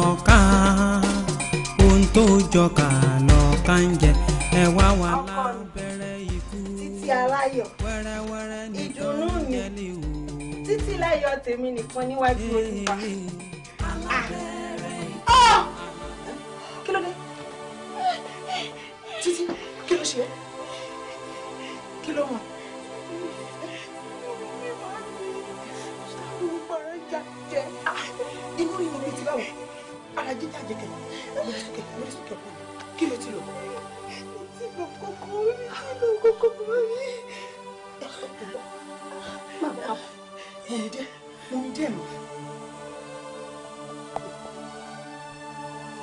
lọ́ka ohun tó jọka lọ́ka ń jẹ ẹ wá wà lábẹ́rẹ́ ikú títí aláyọ̀ wẹ́rẹ́wẹ́rẹ́ ní ìdùnnú mi títí láyọ̀ tèmi nìkan níwájú olùfà. Ah. Ah! kí ló dé títí kí ló ṣe kí ló mọ̀. ara jíjà jẹkẹ ẹgbẹ sókè lórí sókè ọkọ kí ló ti lò. ti lò kókó mi ti lò kókó mi. bàbá ẹ̀ẹ́dẹ́ mo ń dẹ̀ mọ́.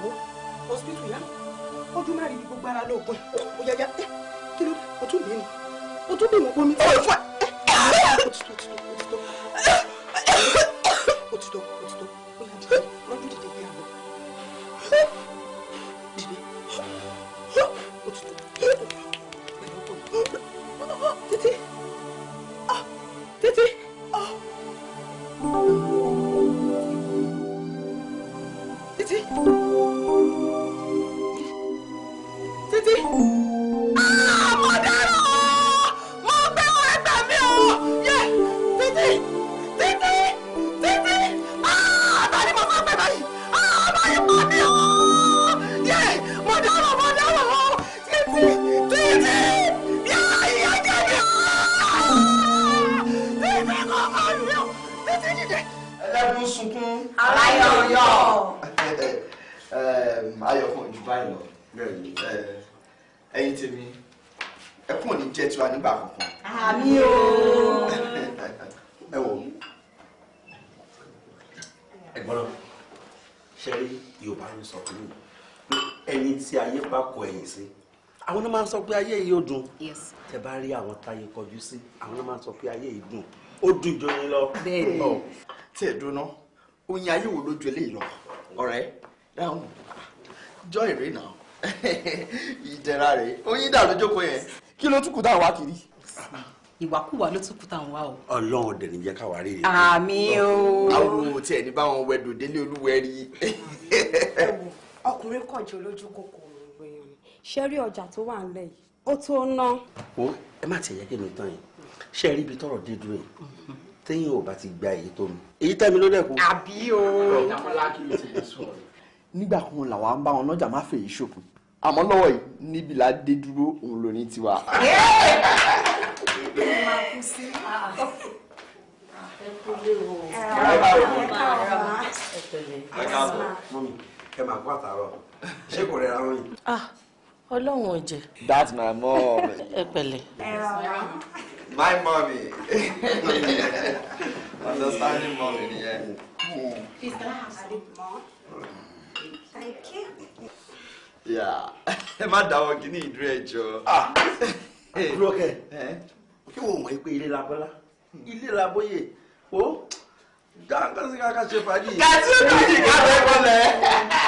wo hospital yá ọdún máa rí ibi gbogbo ara lóògùn ó yá yá tẹ́ kí ló o tún o tún bí mi omi tí o fọ́ ayọ̀ kan ju báyìí lọ ẹ̀yin tèmi ẹkún òní jẹ́ tiwa nígbà kankan. àmì o. ẹ wò ẹ̀gbọ́n náà ṣe yorùbá ń sọ fún mi ẹni tí ayé bá kọ ẹ̀yìn sí àwọn náà máa ń sọ pé ayé yìí ó dùn tẹ bá rí àwọn táyé kọjú sí àwọn náà máa ń sọ pé ayé yìí dùn ó dùn jọ yín lọ. bẹ́ẹ̀ni tí ẹ dùn náà oyin ayé wo lójú eléyìí lọ ọ̀rẹ́ dáhùn jọ èrè náà ìdẹ̀ra rẹ̀ oyin dà lójókòó yẹn kí ló tún kù táwọn wá kiri. ìwàkúwà ló tún kù táwọn wá o. ọlọ́run ọ̀dẹ̀ níjẹ́ káwa rí i. àmín o. àwọn ohun tí ẹni bá wọn wẹdùn délé olúwẹ rí. ọkùnrin kan jẹ olójú kòkòrò ìgbẹ̀yìn ṣe rí ọjà tó wà ń yìí ó tó ná. o ẹ má tẹ̀yẹ kí mi tán yẹn ṣe rí ibi tọrọ dídùn yìí téèyàn ò bá ti gba èyí tó mi èyí tẹ́ mi ló dẹ̀ kú. àbí o. ọ̀rọ̀ ìdámọ́lá kí mi ti lè sọ̀rọ̀ nígbà kan làwa ń bá wọn lọ́jà má fèyí ṣòfò àmọ́ lọ́wọ́ yìí níbi là dé dúró òun ló ní tiwa. Ah, ọlọ́run ò that's my mom. ẹ my mommy understanding mommy nìyẹn. is that how i dey mom. Thank you. Yeah. Ẹ má dáwọ́ kíní ìdúró ẹjọ́. Àbúrọ̀kẹ̀, kí wọ́n mọ̀ pé ilé labọ́lá, ilé labóyè, o, dáńgá sí ká ká ṣe fàájì. Kàtí ó kàjì ká fẹ́ kọ́lẹ̀.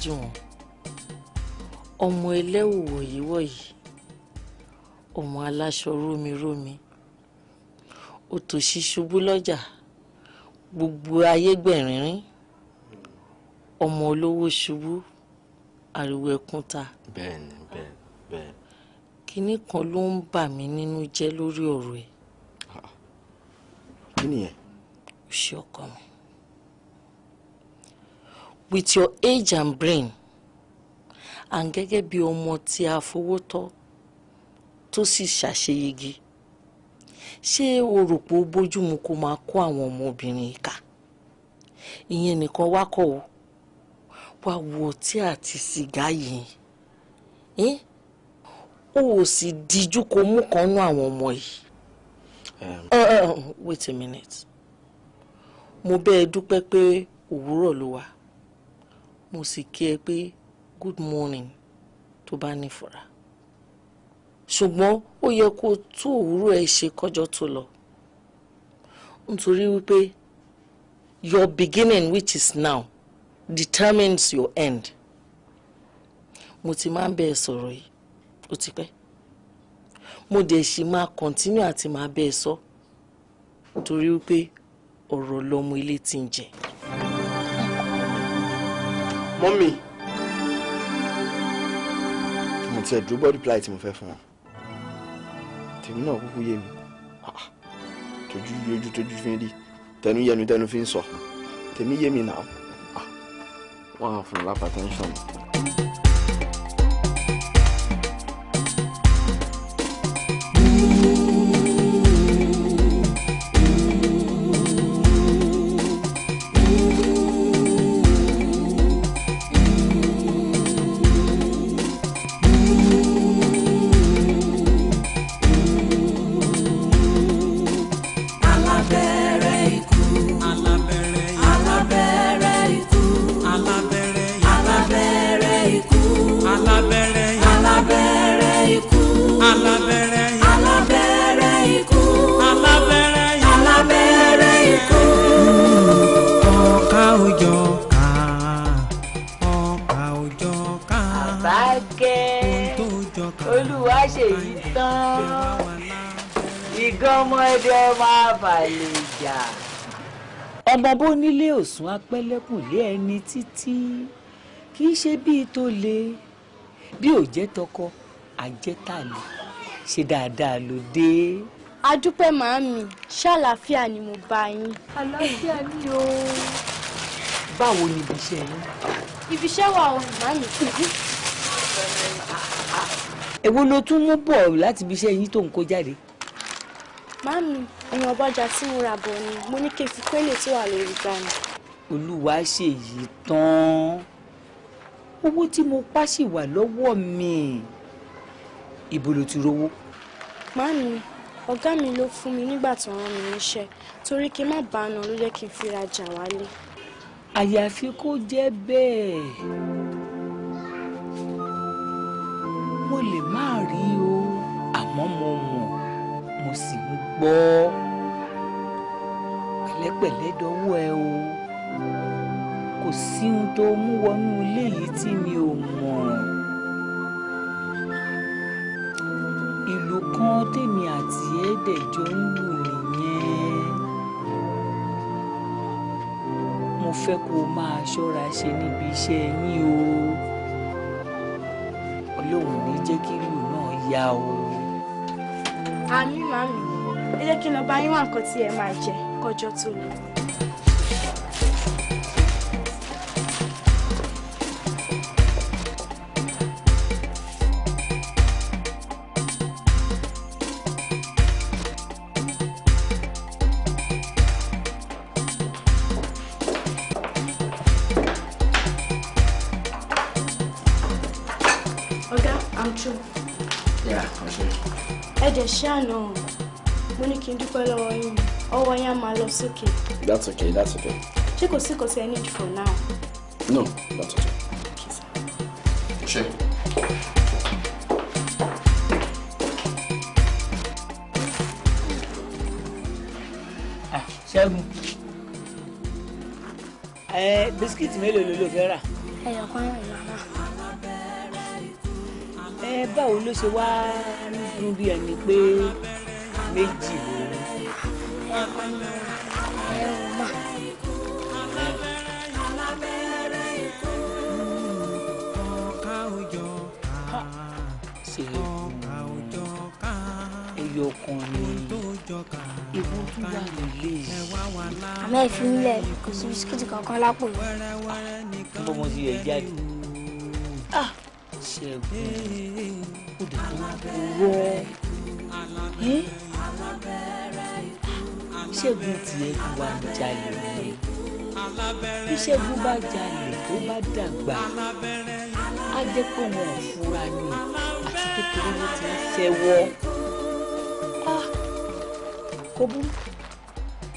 níwájú wọn ọmọ ẹlẹ́wù wọ̀yíwọ̀yí ọmọ aláṣọ rómirómi òtòṣì ṣubú lọ́jà gbogbo ayé gbẹ̀rínrín ọmọ olówó ṣubú ariwo ẹkún ta. bẹ́ẹ̀ni bẹ́ẹ̀ni bẹ́ẹ̀ni. kinní kan ló ń bà mí nínú jẹ́ lórí ọ̀rọ̀ ẹ̀. kí nìyẹn. ṣe ọkọ mi with your age and brain and gẹ́gẹ́ bí ọmọ tí a fowó tọ́ tó sì ṣàṣeyege ṣé o rò pé ó bójúmu kó máa kó àwọn ọmọbìnrin ìka ìyẹn nìkan wá kọ̀ o wá wo ọtí àti sìgá yìí ó ò sì díjú kó mú kan nú àwọn ọmọ yìí wait a minute mo bẹ́ẹ̀ dúpẹ́ pé òwúrọ̀ ló wà mo sì kí ẹ pé good morning tó bá nífura ṣùgbọ́n ó yẹ kó o tó òwúrọ̀ ẹ ṣe kọjọ́ tó lọ nítorí wípé your beginning which is now determines your end mo ti máa ń bẹ́ẹ̀ sọ̀rọ̀ yìí ó ti pẹ́ mo dẹ̀ sì máa continue àti máa bẹ́ẹ̀ sọ nítorí wípé ọ̀rọ̀ lọmọ ilé ti ń jẹ mọ́mì. mo tiẹ̀ dúró bọ́ọ̀dù pláì tí mo fẹ́ fún wọn tèmi náà kúkú yé mi ah, tójú yójú tójú fi ń rí tẹnu yẹnu tẹnu fi ń sọ tèmi yé mi náà ah, wọn á fún un lápá tẹ́ńsán. sùn apẹ́lẹ́kùn lé ẹni títí kì í ṣe bíi tó le bí ò jẹ́ tọkọ àjẹtàlè ṣe dáadáa ló dé. a dúpẹ́ màámi ṣàlàáfíà ni mo bá yín. àlàáfíà ni o. báwo ni ibi iṣẹ́ yín. ibi iṣẹ́ wa ò màámi. èwo ló tún mú bọ̀ láti ibi iṣẹ́ yín tó ń kó jáde. màámi ẹ̀yìn ọbọ̀jà tí mo rà bọ̀ ni mo ní kí n fi pélé tí wà lórí gbà ni olúwa ṣèyí tán owó tí mo pa ṣì wà lọ́wọ́ mi ibo ló ti rówó. màámi ọ̀gá mi ló fún mi nígbà tó rán mi níṣẹ́ torí kí n má bàánà ló jẹ́ kí n fira jà wálé. àyàfi kó jẹ́ bẹ́ẹ̀ mo lè má rí o àmọ́ mo mọ̀ mo sì ń gbọ́ pẹ̀lẹ́pẹ̀lẹ́ dọ́wọ́ ẹ o kò sí ohun tó mú wọnú ilé yìí tí mi ò mọ̀ ìlú kan tèmi àti ẹ̀ẹ́dẹ̀jọ ń lù nìyẹn mo fẹ́ kó o máa ṣọ́ra ṣe níbi iṣẹ́ yín o ọlọ́run ní jẹ́ kí ìlú náà yá o. àmì màmí ẹ jẹ́ kí n lọ bá yín wá nǹkan tí ẹ máa jẹ kọjọ́ tó lọ. ẹ̀jẹ̀ ṣàánú mo ní kí n dúpẹ́ lọ́wọ́ yín ọwọ́ yín á máa lọ sókè. that's okay that's okay. ṣé kò sí kò sí any for now. no that's okay. ṣe. Ah, ṣẹ́gun ẹ bisikíìtì mélòó ló ló fẹ́ rà. ẹyọ kan rẹ̀ màmá. ẹ báwo ló ṣe wá ń rí ẹni pé méjì ló ń. ṣe ẹyọ ni ìwọ tún wà nílé yìí. kò sí bisikíìtì kankan lápò. bọ́mọ sí ẹ jáde ṣẹ́gun ó dẹ̀ tó wọ́ ṣẹ́gun tiẹ̀ ti wá ń jalè ni bí ṣẹ́gun bá jalè tó bá dàgbà á jẹ́ pé wọn ò fura ni àti kékeré ló ti ń fẹ́wọ́ kó bú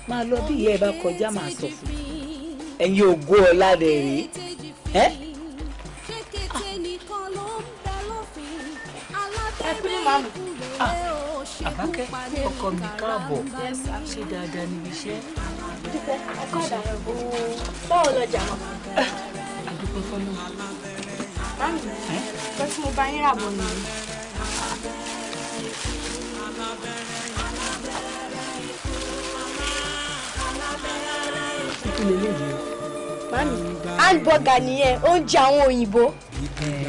máa lọ bí ìyá ẹ bá kọjá máa sọ fún ẹ̀yin ògo ọ̀la rẹ̀ rèé. màmú. Ah, àbákẹ́ ọkọ mi káàbọ̀ ṣe dáadáa níbi iṣẹ́. báwo lọjà mọ́. Eh, àdúgbò fọlọ́. màmú eh? pé tí mo bá yín ràbọ̀ nìyí. kí lè léyìí. màmí hamburger nìyẹn oúnjẹ àwọn òyìnbó. Eh,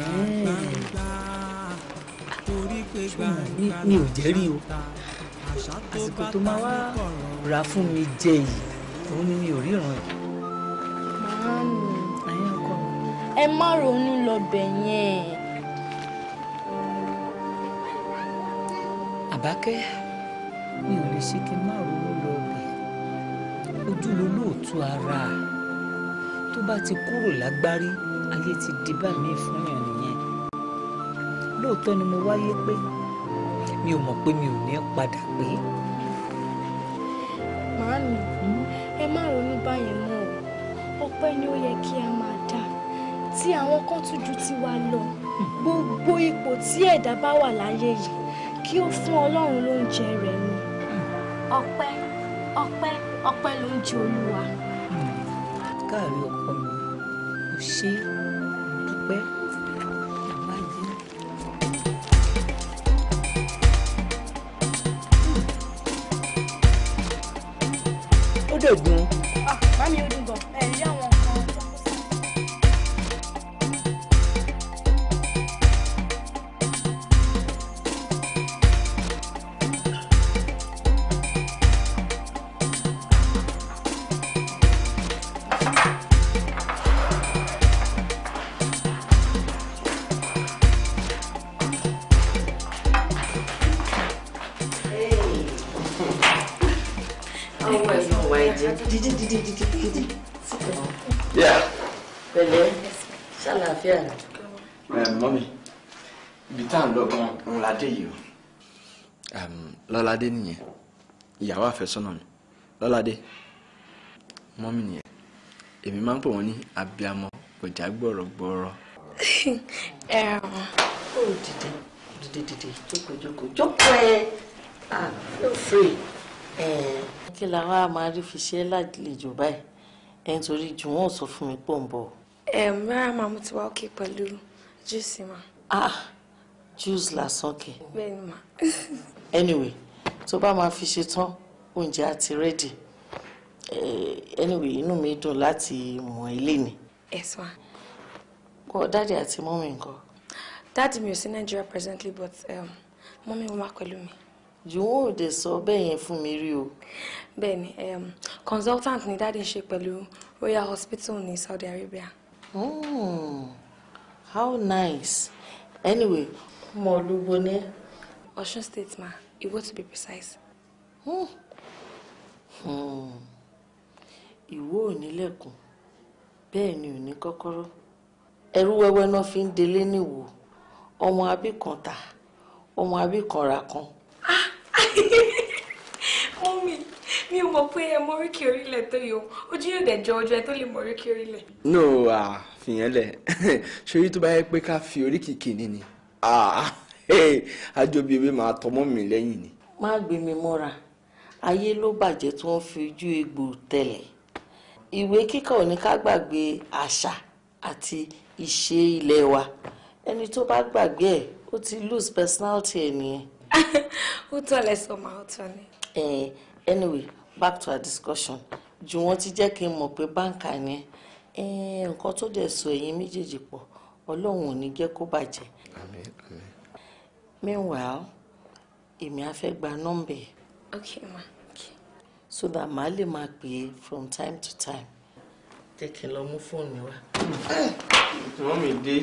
mi ò jẹ́ rí o àsìkò tó máa wá rà fún mi jẹ yìí òun ni mi ò ríran yìí. màámi àyìn ọkọ ẹ má ronú lọbẹ̀ yẹn. àbákẹ́ mi ò lè ṣe kí n má ronú lọbẹ̀ ojú ló lóòótọ́ ara tó bá ti kúrò lágbárí ayé ti di bá mi fún yàn ni lóòótọ́ ni mo wáyé pé mi ò mọ̀ pé mi ò ní padà pé. màámi ẹ má ronú báyẹn mọ́ o ọpẹ́ ni ó yẹ kí a máa dá tí àwọn kan tún ju tiwa lọ gbogbo ipò tí ẹ̀dá bá wà láyé yìí kí ó fún ọlọ́run lóúnjẹ rẹ̀ ni. ọpẹ́ ọpẹ́ ọpẹ́ lóúnjẹ olúwa. Hmm. káàrí ọkọ mi ò ṣe lọ́ládé nìyẹn ìyàwó àfẹ́sọ́nà mi lọ́ládé mọ́mì nìyẹn èmi máa ń pè wọ́n ní abiamọ kọjá gbọ̀rọ̀gbọ̀rọ̀. ó dìde dìde dìde jókòó jókòó jókòó ẹ ah, feel free. kí làwọn a máa rí fi ṣe lálejò báyìí ẹ nítorí jù wọn ò sọ fún mi pọ̀ ń bọ̀. rárá màá mo ti wá òkè pẹ̀lú júùsì mà. ah júùsì lásán kẹ. bẹ́ẹ̀ ni anyway tó bá máa fi ṣe tán oúnjẹ á ti rẹ́dì eh, anyway inú mi dùn láti mọ̀ ilé ni. ẹ sọ. kọ dáàdì àti mọ́mì nǹkan. dáàdì mi ò sí Nigeria presently but um, mọ́mì wọn wá pẹ̀lú mi. yòówó òde sọ bẹ́ẹ̀ yẹn fún mi rí o. bẹ́ẹ̀ni um, consultant ni dáàdì ń ṣe pẹ̀lú Royal Hospital ní Saudi Arabia. Mm, how nice anyway. ọmọ olúbo ni. Ọ̀ṣun state ma. Ìwọ to be precise. Hmm. Hmm. Ìwọ ò nílẹ̀kùn bẹ́ẹ̀ ni ò ní kọ́kọ́rọ́. Ẹrú wẹ́wẹ́ náà fi ń delé níwò. Ọmọ abíkan tà, ọmọ abíkan rà kan. Mọ́mí, mi ò mọ̀ pé ẹ mọ oríkì orílẹ̀ tó yọ. Ojú yóò dẹ̀ jọ ọjọ́ ẹ tó lè mọ oríkì orílẹ̀. No, fìyẹn lẹ̀. Ṣorí tó bá yẹ pé ká fi oríkì kìíní ni. Ah. ah àjọbí ewé máa tọmọ mi lẹ́yìn ni. má gbé mi mọ́ra ayé ló bàjẹ́ tí wọ́n fi ojú egbò tẹ̀lẹ̀ ìwé kíkà ò ní ká gbàgbé àṣà àti ìṣe ilé wa ẹni tó bá gbàgbé ẹ̀ ó ti lose personality ẹ̀ nìyẹn. ó tọ́lẹ̀ sọ ma ó tọ́lẹ̀. anyway back to our discussion jù wọ́n ti jẹ́ kí n mọ̀ pé báńkà ni nǹkan tó dẹ̀ so ẹ̀yin méjèèjì pọ̀ ọlọ́run ò ní jẹ́ kó bàjẹ́. àmín àmín meanwhile èmi á fẹ́ gba nọ́mbẹ̀. okay ma. Okay. so that Mali might be from time to time. Take kí n phone, mú fóònù mi wá. ìtumọ̀ mi dé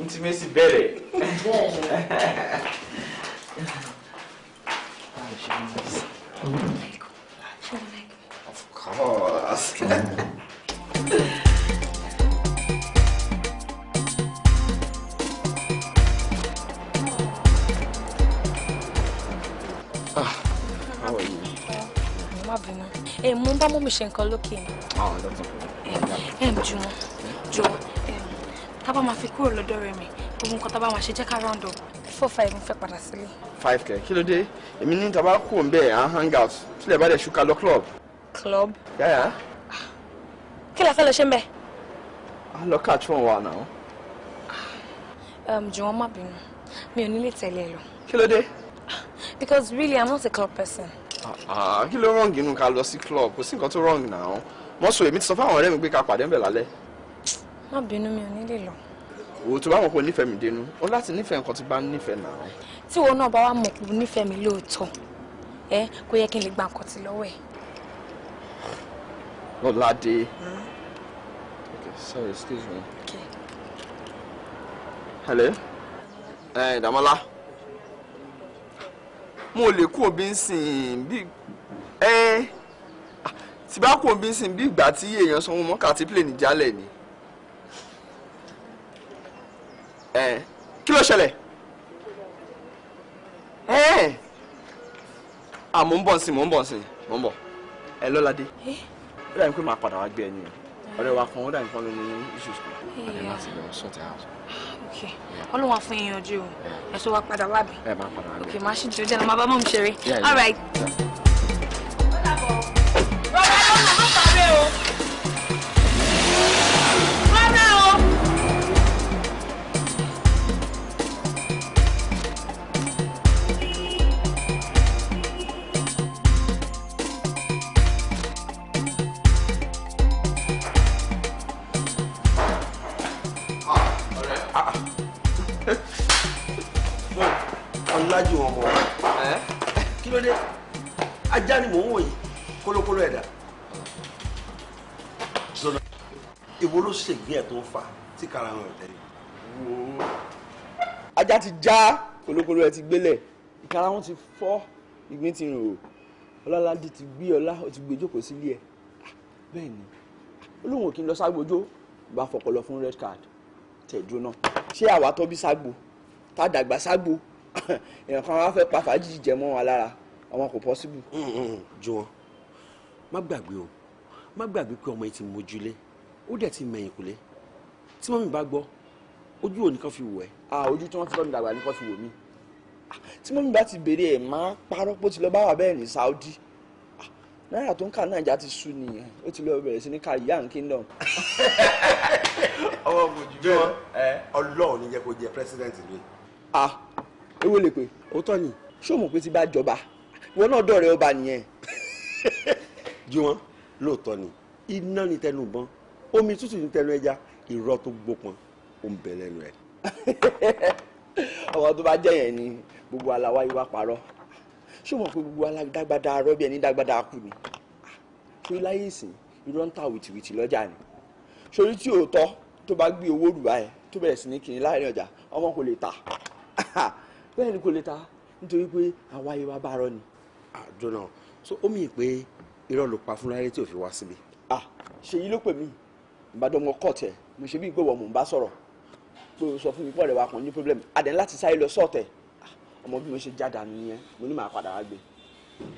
intimacy bẹ̀rẹ̀. bẹ́ẹ̀ ni. of course. má bínú ẹ mú bá mú mi ṣe nǹkan lókè ni. ẹ ẹ jùmọ̀ jọ tábà máa fi kúrò lọ́dọ̀ rẹ mi gbogbo nǹkan tábà máa ṣe jẹ́ ká round up four five mo fẹ́ padà sílé. five kẹ kí ló dé èmi ní tábà kú òun hang out sílẹ̀ bá dẹ̀ ṣúkà lọ club. club. yàyà. kí la fẹ́ lọ ṣe ń bẹ̀. a lọ catch one wa náà. Um, jọ̀wọ́ má bínú mi ò nílé tẹ̀lé ẹ lọ. kí ló dé. Ah, because really i'm not a club person. Ah, kí ló wrong inú ká lọ sí club kò sí nǹkan tó wrong náà wọ́n sọ èmi ti sọ fáwọn ọ̀rẹ́ mi pé ká pàdé ńbẹ̀ lálẹ́. má bínú mi ò ní lè lọ. òwò tó bá wọn kò nífẹ̀ẹ́ mi dénú ó láti nífẹ̀ẹ́ nǹkan tí bá nífẹ̀ẹ́ náà. tí wọn náà bá wà mọ̀ kó nífẹ̀ẹ́ mi lóòótọ́ ẹ kó yẹ kí n lè gba nǹkan ti lọ́wọ́ ẹ̀. lọ́ládé. Hmm. sorry excuse me. okay. hello. ẹ eh, ìdàmọ́lá. Hey, mo lè kú òbí nsìn bí ẹ tí bá kú òbí nsìn bí ìgbà tí èèyàn sanwó mọ́kà tí plane jálẹ̀ ni ẹ kí ló ṣẹlẹ̀ ẹ à mò ń bọ̀ nsìn mò ń bọ̀ nsìn mò ń bọ̀ ẹ lọ́ládé ó dàbí pé màá padà wá gbé ẹ nìyẹn ọ̀rẹ́ wa kan ó dà nǹkan ló ní issues kan ọ̀rẹ́ láti lọ sort it out. Ah, ok ọlọ́run wa fún ìyanjú o ẹ̀sọ́ wa padà wá bí. ẹ máa padà wá bí. ok máa ṣì jẹ́ jẹ́ máa bá mọ̀ ṣeré. all right. ó dàbọ̀ bọ́lá lọ́nà má o. ajá ti já kolokolo ẹ ti gbélẹ̀ ìkara wọn ti fọ́ ìgbín ti rìn o ọlọ́ládé ti gbé ọlá ó ti gbé jókòó sílé ẹ̀ ah, bẹ́ẹ̀ ni olóhùn òkè ń lọ ságbójó bá fọpọlọ fún red card tẹ̀dúró náà ṣé àwa tọ́ bí ságbo tá a dàgbà ságbo èèyàn kan wá fẹ́ pa fàájì jẹ mọ́ wọn lára àwọn kò possible. jọ má gbàgbé o má gbàgbé pé ọmọ yìí ti mójúlé ó dẹ̀ ti mẹ̀yìn kúlé tí mọ́mí bá gbọ́ ojú òní ojú tí wọ́n ti tọ́ mi dàgbà ní kọ́ fi wò mí tí mọ́mí bá ti béèrè ẹ̀ máa parọ́ pé ó ti lọ bá wà bẹ́ẹ̀ ní Saudi náírà tó ń kà nàìjà ti sú nìyẹn ó ti lọ bẹ̀rẹ̀ sí ní Caribbean Kingdom. ọwọ́ kò jù bẹ́ẹ̀ ọlọ́run ni yẹ kó jẹ president rẹ. ah ewo lè pè òótọ́ ni ṣé o mọ̀ pé ti bá jọba ìwọ náà dọ̀rẹ́ ọba nìyẹn. jí wọn lóòótọ́ ni iná ni tẹnu bọ́n omi tútù ni tẹnu ẹja irọ́ tó gbópọn ó ń bẹ lẹ́nu ẹ̀. ọmọ tó bá jẹ́ yẹn ni gbogbo aláwa ìwà parọ́ ṣé o mọ̀ gbogbo alágbádá arọ́ bí ẹni dágbádá kù ni torí láyé ìsìn irọ́ ń ta wìtìwìtì lọ́jà ni ṣorí tí òótọ́ tó bá gbé owó rùbá ẹ̀ tó bẹ̀rẹ̀ sí ní kiri láàrin ọjà ọmọ kò lè ta bẹ́ẹ̀ ni kò lè ta nítorí pé àwa ìwà bá arọ́ ni. àdúrà ah, so ó mì pé irọ́ ló pa fún láyé tí ò fi wá síbi. Ah, ṣèyí ló pè mí ìbàdàn ọkọ̀ tẹ̀ mo ṣe bí ìgbéwọ̀ mò ń bá sọ̀rọ̀ tó sọ fún mi pọ̀ rẹ̀ wá kàn ní problem adẹ̀ láti sáré lọ sọ́ọ̀tẹ̀ ah, ọmọ bí mo ṣe jáde àná yẹn mo ní màá padà wá gbé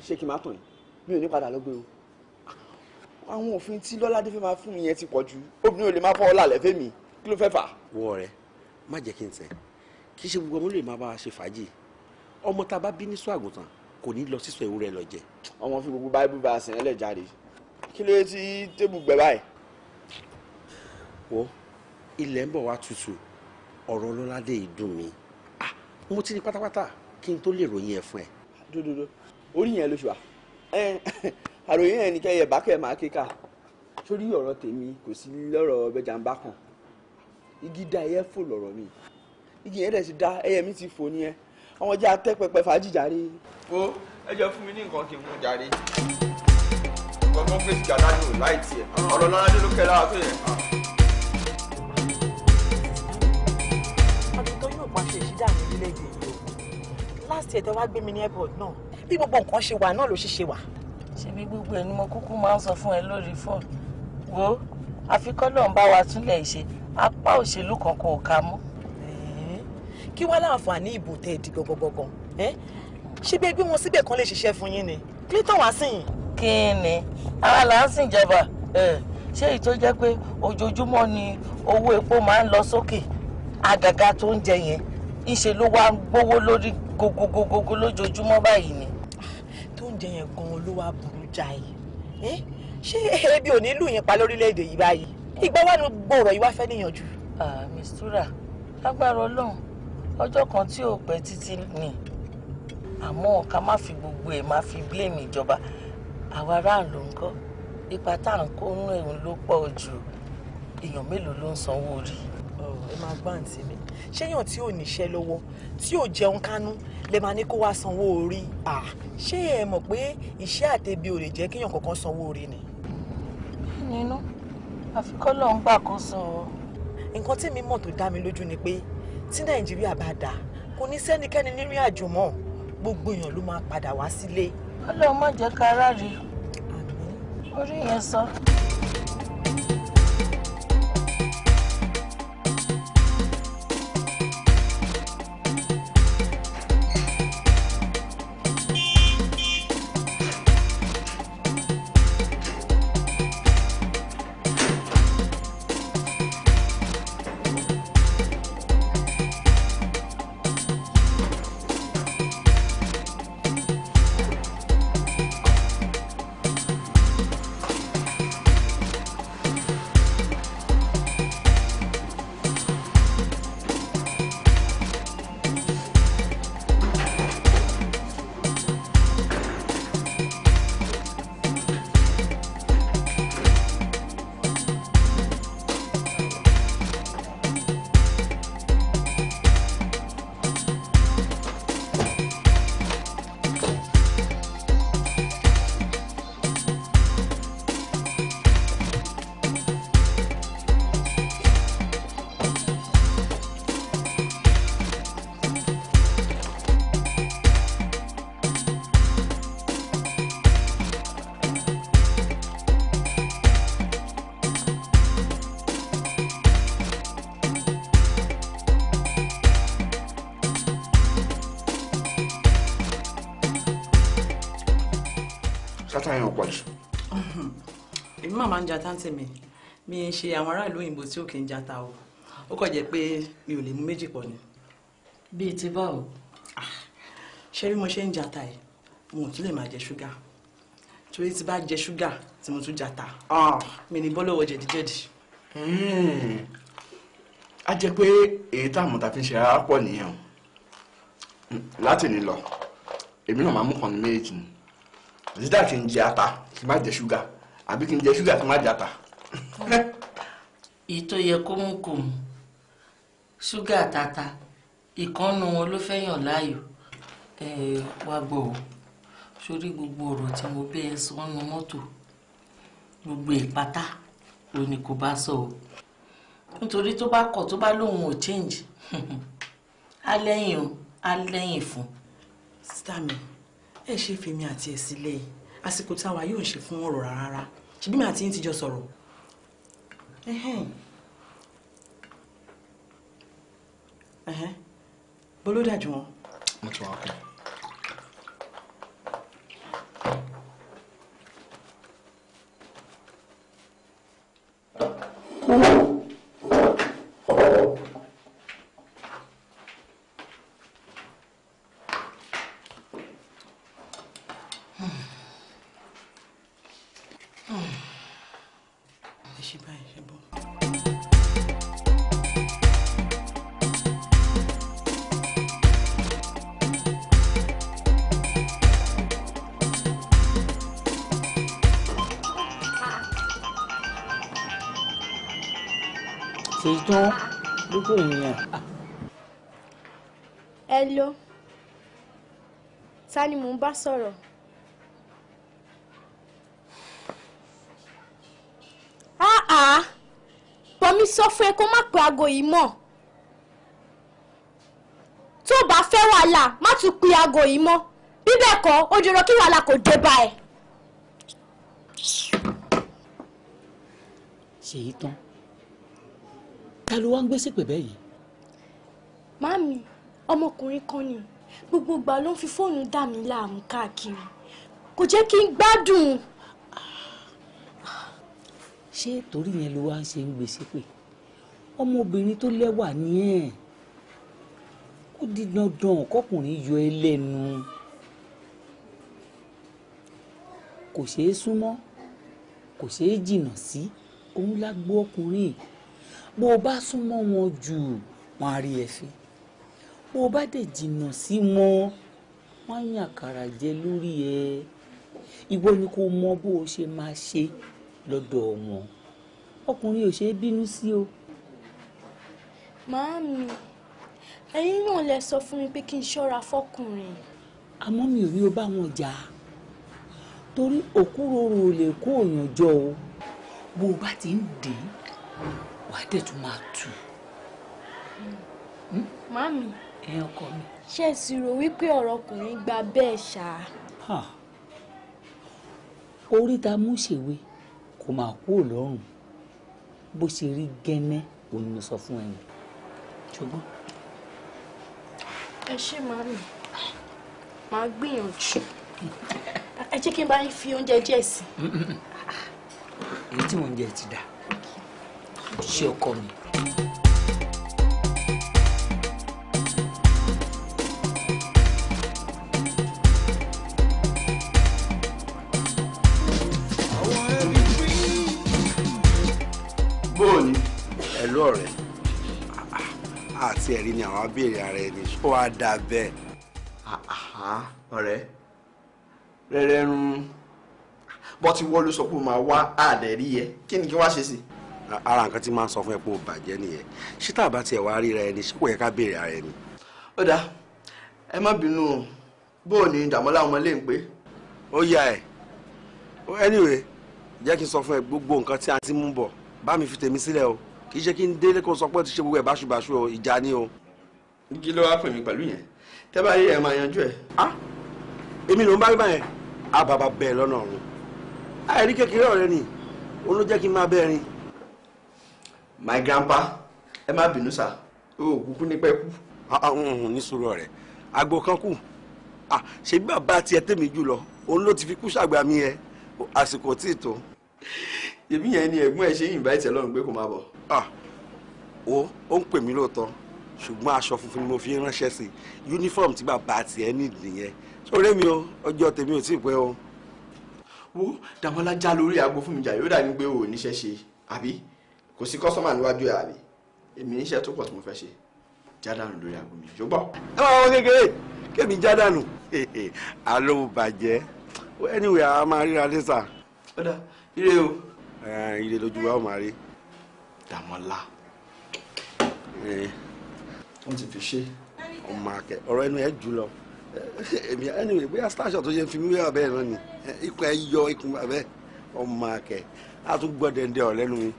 ṣé kí n má tàn yín mi ò ní padà lọ gbé o ah, àwọn òfin tí lọ́ládé fẹ́ máa fún mi yẹn ti pọ̀ jù obìnrin ò lè má fọ́ ọ́ lálẹ́ fẹ́mi kí ló fẹ́ fà. wọ rẹ má jẹ́ kí n tẹ̀ kí ṣe gbogbo ọmọ lè máa bá a ṣe fàájì ọmọ tá a bá bí ní sọ àgùntàn kò ní lọ sísọ ewúrẹ́ lọ jẹ. ọmọ fi gbogbo báíbù bá a sìn ẹlẹ jáde kí ló ti tébù gbẹ báyìí. wọ ilẹ̀ ń bọ̀ wá tutù ọ̀rọ̀ ọlọ́ládé yìí dùn mí ah mo ti rí pátápátá kí n tó lè ròyìn ẹ̀ fún ẹ. dòdòdò orí yẹn ló ṣùwà àròyìn yẹn ni kẹ́ ẹ bá kẹ́ ẹ máa kíkà sórí ọ̀rọ̀ tèmi kò sí lọ́rọ̀ bẹ́jà ń bá kan igi da ẹyẹ fò lọ̀rọ̀ mi igi yẹn dẹ̀ ti da ẹyẹ mi ti fò nìyẹn ọmọ jẹ́ atẹ́ pẹpẹ fàájì jàre. o ẹ jọ fún mi ní nǹkan kí n mú jàre ọgbọ́n fèsì jàdá ni ò láì tiẹ̀ ọ̀rọ̀ lọ́ládé last year tẹ wá gbé mi ní airport náà bí gbogbo nǹkan ṣe wà náà ló ṣe ṣe wà. ṣebí gbogbo ẹ ni mo kúkú máa ń sọ fún ẹ lórí fóònù wo àfikọ́ náà ń bá wa túnlẹ̀ ṣe apá òṣèlú kankan ò ká mọ́. kí wàá láǹfààní ìbò tẹ ẹ di gangan ṣé bí ẹgbẹ́ wọn síbẹ̀ kan lè ṣiṣẹ́ fún yín ni clayton wá sìn. kí ni ara là ń sìnjọba ṣé èyí tó jẹ́ pé ojoojúmọ́ ni owó epo máa ń lọ sókè àgàgà tó ń jẹ yẹn ìṣèlú wa ń gbówó lórí gogogogogo lójoojúmọ́ báyìí ni. tó ń jẹ yẹn gan-an ló wá burú jáì ṣé ebi ò ní lù yín pa lórílẹ̀‐èdè yìí báyìí ìgbà wà ní gbòòrò yìí wá fẹ́ níyànjú. mistura lágbára ọlọ́run ọjọ́ kan tí ò pẹ́ títí ni àmọ́ ká má fi gbogbo ẹ̀ má fi blame ìjọba àwa aráàlú ń kọ́ ipa tá à ń kó nínú ẹ̀hún ló pọ̀ jù èèyàn mélòó ló ń sanwó rí. ẹ máa gbá àǹtí mi ṣéyàn tí ò níṣẹ́ lọ́wọ́ tí ò jẹun kánú lè máa ní kó wá sanwó orí à ṣé ẹ mọ̀ pé iṣẹ́ àtẹ̀bí ò lè jẹ́ kéèyàn kankan sanwó orí ni. nínú àfikọ́ lọ ń gbà kan sọ. nǹkan tí mi mọ̀ tó dá mi lójú ni pé tí nàìjíríà bá dà kò ní sẹ́nikẹ́ni nírìn àjò mọ́ gbogbo èèyàn ló máa padà wá sílé. ọlọ́run má jẹ́ ká ráre orí yẹn sọ. ń jata ń tèmi mi ń ṣe àwọn aráàlú òyìnbó tí ò kì í jata o ó kàn jẹ́ pé mi ò lè mú méjì pọ̀ ni. bíi ti báwo. Ah, ṣé bí mo ṣe ń jata yìí mo ò tún lè máa jẹ ṣúgà torí tí bá jẹ ṣúgà tí mo tún jata ah, mi ní bọ́lọ́wọ́ jẹ̀díjẹ̀dí. Hmm. a jẹ́ pé èyí tá àmọ̀tà fi ń ṣe ara pọ̀ nìyẹn láti ní lọ èmi náà máa mú kan méjì ní dídá kí n jẹ ata kí n má jẹ ṣúgà àbí kí n jẹ ṣúgà kí n má jàtà. èyí tó yẹ kó mú kò mú ṣúgà tata ìkànnù wọn ló fẹ́yàn láàyò ẹ wá gbọ́ ọ sórí gbogbo ọ̀rọ̀ tí mo bẹ́ẹ̀ sọ nu mọ́tò gbogbo ìpátá ló ní kó bá sọ o nítorí tó bá kọ̀ tó bá lóun ò change á o á lẹ́yìn fún. sítámi ẹ ṣe fèmi àti ẹ sílẹ̀ yìí àsìkò táwa yóò ṣe fún ọ̀rọ̀ rárá ṣebí mi àti yín ti jọ sọ̀rọ̀ bóló dàjú wọn. mo ti wá ọkọ. Thank you. bá sọ̀rọ̀. Ah, ah. sọ fún ẹ kó pe tó bá fẹ́ wàhálà má tún pe aago yìí dúró kí kò dé bá ẹ. ta gbé yìí. mami ọmọkùnrin kan ni. gbogbo ìgbà ló ń fi fóònù dà mí láàmú káàkiri kò jẹ́ kí n gbádùn. ṣé torí yẹn ló wá ń ṣe ń gbèsè pé ọmọbìnrin tó lẹ́wà ni ẹ̀ ó di dandan kọkùnrin yọ ẹ lẹ́nu kò ṣeé súnmọ́ kò ṣeé jìnnà sí òun lágbó ọkùnrin bó o bá súnmọ́ wọn jù wọn á rí ẹ fi bó o bá dẹ̀ jìnnà sí wọn wọ́n yàn àkàrà jẹ lórí ẹ ìwọ ni kò mọ bó o ṣe máa ṣe lọ́dọ̀ wọn ọkùnrin ò ṣeé bínú sí o. màámi ẹ̀yin náà lẹ sọ fún mi pé kí n ṣọ́ra fọkùnrin. àmọ́ mi ò rí o bá wọn jà á torí òkúròrò ò lè kó òyàn jọ o bó o bá ti ń dè é wàá dẹ̀ tún máa tù. màámi. Mm? ẹ ọkọ mi. ṣé ẹ sì rò wípé ọ̀rọ̀ ọkùnrin gba bẹ́ẹ̀ ṣá. orí ta mú ṣèwé kò máa kú lọ́rùn bó ṣe rí gẹ́nẹ́ òun ni mo sọ fún ẹ̀yìn ṣùgbọ́n. ẹ ṣe máa mi máa gbìyànjú ẹ jẹ́ kí n bá yín fi oúnjẹ díẹ̀ sí. èyí tí mò ń jẹ ti dà ṣé ọkọ mi. pẹ̀lú ọ̀rẹ́ àti ẹ̀rí ni àwọn abéèrè ara ẹni ṣó wàá dà bẹ́ẹ̀. ọ̀rẹ́ rẹ́rẹ́ ń bọ́ ti wọ́ ló sọ pé màá wá àdẹ̀rí yẹ kí ni kí wàá ṣe sí. ara nǹkan tí máa ń sọ fún ẹ pé ó bàjẹ́ nìyẹn ṣé tá a bá tiẹ̀ wàá ríra ẹni ṣé kò yẹ ká béèrè ara ẹni. ó dáa ẹ má bínú o bó o ní ìdààmúlá ọmọ lè ń pé. ó yà ẹ anyway jẹ́ kí n sọ fún ẹ gbogbo nǹkan tí a ti mú bọ̀ bá mi fi tèmi sílẹ̀ o kì í ṣe kí n délé kó sọ pé ti ṣe gbogbo ẹ̀ báṣubàṣu ìjà ni o. kí ló wá pè mí pẹ̀lú yẹn tẹ́ bá yẹ ẹ̀ máa yanjú ẹ̀. a èmi ló ń bá rí báyẹn a bàbá bẹ́ẹ̀ lọ́nà ọ̀run àìrí kékeré ọ̀rẹ́ ni òun ló jẹ́ kí n máa bẹ́ẹ̀ rin. my grandpa ẹ má bínú sá o ò kúkú ní pẹ́ kú. ní sùúrù ọ̀rẹ́ àgbo kan kù ṣé bàbá tiẹ̀ tèmi jù lọ òun ló ti fi kú ṣàgbà mi yẹn àsìkò tí ì tó. èmi yẹn ni ẹ̀gbọ́n ẹ̀ ṣe yìnbá ìtẹ̀lọ́run pé kó máa bọ̀ ó ah, ń pè mí lóòótọ́ ṣùgbọ́n aṣọ funfun ni mo fi ránṣẹ́ sí uniform tí bàbá tiẹ̀ nídìí nìyẹn sórí mi o ọjọ́ tèmi ò tí ì pẹ́ o. wo Dàmọ́lá já lórí aago fún mi jà yóò dàbí pé o ò níṣẹ́ ṣe àbí kò sí kọ́sọ́mà níwájú ẹ̀ àbí èmi níṣẹ́ tó pọ̀ tí mo fẹ́ ṣe já dànù lórí aago mi ṣùgbọ́n. ẹ máa wọ kékeré kémi já dànù alo bàjẹ́ anyway a máa ríra lẹ́sà. ó dà ire o. ire lójú wa ó máa rí. Dàmọ́lá wọ́n ti fi ṣe ọmọ akẹ ọ̀rọ̀ ẹnu ẹ jù lọ èmi anyway bóyá starshot tó ṣe fi mí wíwá bẹ́ẹ̀ náà ni ikùn ẹ yọ ikùn abẹ́ ọmọ akẹ á tún gbọ́ dẹ́ndẹ́ ọ̀ lẹ́nu mi.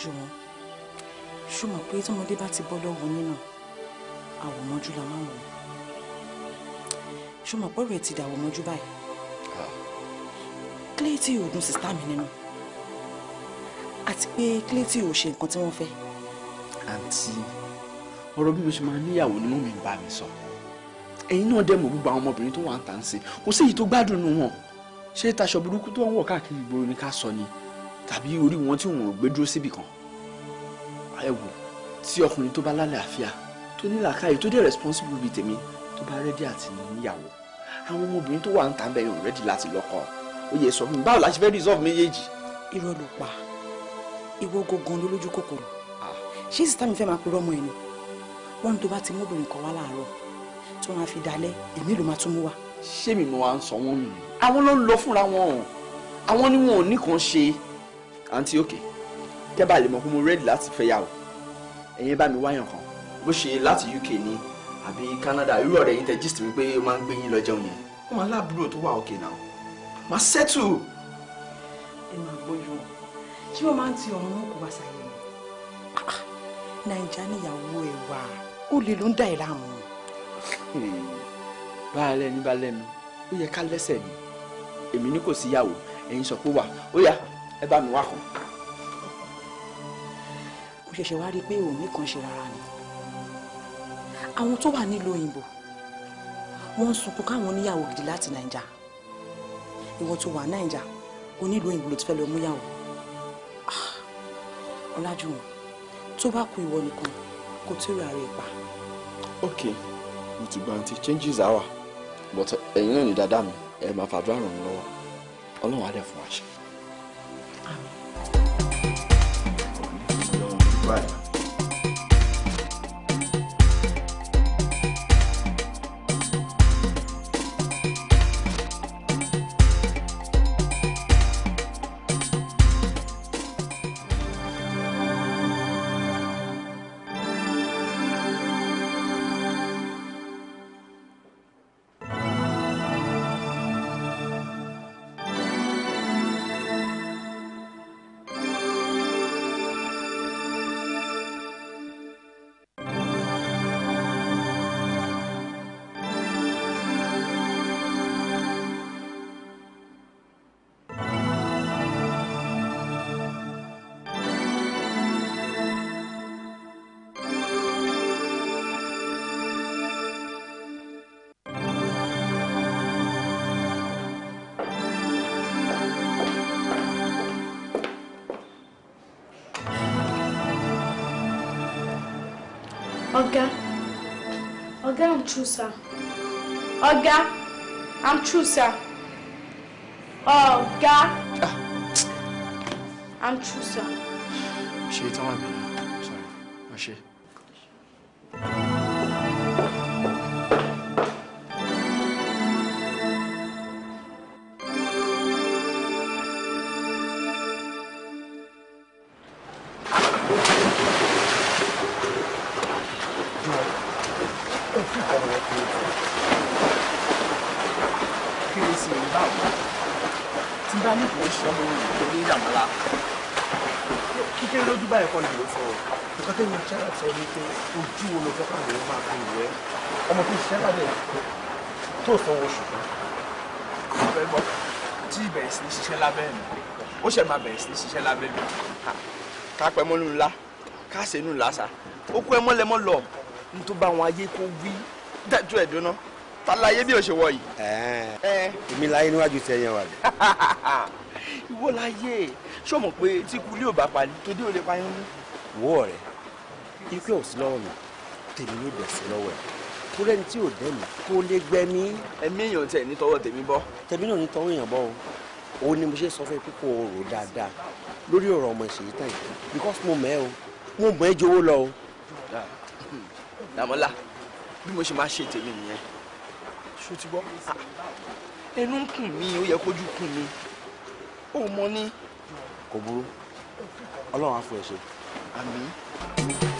jùmọ̀ ṣùmọ̀ pé tọmọdé bá ti bọ́ lọ́wọ́ nínú àwòmọ́jú la máa ń wò ṣùmọ̀ pọ̀rọ̀ ẹ̀ ti dàwọ̀mọ́jú báyìí kílé tí ò dùn sísá mi nínú àti pé kílé tí ò ṣe nǹkan tí wọ́n fẹ́. àǹtí ọ̀rọ̀ bí mo ṣe máa níyàwó nínú mi ń bá mi sọ ẹ̀yin náà dẹ̀ mọ̀ gbogbo àwọn ọmọbìnrin tó wà ń tà ń sìn kò sí èyí tó gbádùn nù wọn ṣé taṣọ burúkú tó ń wọ̀ káàkiri ìgboro ni ká sọ ni tàbí orí wọn tí wọn ò gbé dúró síbì kan ẹ wò tí ọkùnrin tó bá lálẹ́ àfíà tó ní làákàyè tó dé responsible bíi tèmi tó bá rẹ́dí àti níyàwó àwọn ọmọbìnrin tó wà ń tà ń bẹ̀yàn rẹ́dí láti lọ́kọ̀ọ́ oyè sọ fún mi báwo la ṣe fẹ́ resolve méjèèjì. irọ́ ló pa ìwọ gangan ló lójú kòkòrò ah, ṣé sísá mi fẹ́ máa purọ́ ọmọ ẹ̀ ni wọ́n ní tó bá ti mú obìnrin kan wá láàárọ̀ tí wọ́n á fi dalẹ̀ èmi ló máa tún mú wa. ṣé mi ni wàá ń sọ wọn nù àwọn ló ń lọ fúnra wọn o àwọn ni wọn ò ní kàn ṣe àǹtí òkè kẹ́ bá lè mọ̀ pé mo rẹ́dì láti fẹ́ yà o ẹ̀yin bá mi wáyàn kan bó ṣe láti UK ni àbí Canada irú ọ̀rẹ́ yín tẹ gist mi pé ó máa ń gbé yín lọ jẹun yẹn ó máa láàbúrò tó wà òkè náà máa ṣẹ́tù. ẹ máa gbójú wọn ṣé wọn máa ń ti ọrùn mú kó wá sáyé wọn. Ah, nàìjà níyàwó ẹ wà ó lè ló ń dà ẹ láàmú. Hmm, baálé ní baálé mi ó yẹ ká lẹ́sẹ̀ ni èmi ní kò síyàwó ẹ̀yin sọ pé wà ó yá ẹ bá mi wá kan. mo ṣẹ̀ṣẹ̀ wá rí i pé òun mi kan ṣe rárá ni àwọn tó wà nílùú òyìnbó wọ́n sunkún káwọn níyàwó gidi láti nàìjíríà ìwọ tó wà náìjà onílù òyìnbó ló ti fẹ́ lọ múyàwó ah, ọlájúwọ̀n tó bá kú ìwọ nìkan kò tó ìrà rẹ̀ pa. ok mo ti gba àǹtí changes hour but ẹ̀yin náà ní dáadáa mi ẹ máa fàdúrà ràn mí lọ́wọ́ ọlọ́run á dẹ̀ fún wa ṣe. àmín. Right. Oga, I'm true, sir. Oga, I'm true, sir. Oga. God, ah. I'm true, sir. Ṣé tán wà tó sanwó oṣù fún tí ìbẹ̀rẹ̀ sí ní ṣiṣẹ́ lábẹ́ mi ó ṣẹ̀ máa bẹ̀rẹ̀ sí ní ṣiṣẹ́ lábẹ́ mi. ká pẹ́ mọ́nú ńlá ká ṣe inú ńlá sa ó kú ẹ mọ́lẹ́mọ́ lọ ní tó bá wọn ayé kó wí dájú ẹ̀ dúná tàlàyé bí o ṣe wọ yìí. èmi láyé níwájú ti ẹyẹ wa ni. ìwọ láyé ṣó mọ̀ pé tí ikú ilé ò bá parí tó dé ò lè parí mú. wo ọ̀rẹ́ ikú ò sí lọ́wọ́ mi tèmi ló dẹ̀ sí lọ́wọ́ ẹ̀ kó rẹ́ni tí ò dẹ́mi kó lè gbẹ́mí. ẹ̀mí èèyàn tẹ̀ ní tọwọ́ tèmi bọ́. tẹ̀mí náà ní tọwọ́ èèyàn bọ́ o òun ni mo ṣe sọ fún ẹ pé kó o rò dáadáa lórí ọ̀rọ̀ ọmọ ìṣèyí tán yìí because mo mọ̀ ẹ́ o mo mọ̀ ẹ́ jowó lọ o. Dàmọ́lá bí mo ṣe máa ṣe tèmi nìyẹn ṣó ti gbọ́ ẹnu ń kùn mí ó yẹ kójú kùn mí ó mọ ní. kò burú ọlọ́run á fún ẹ ṣe. àmín.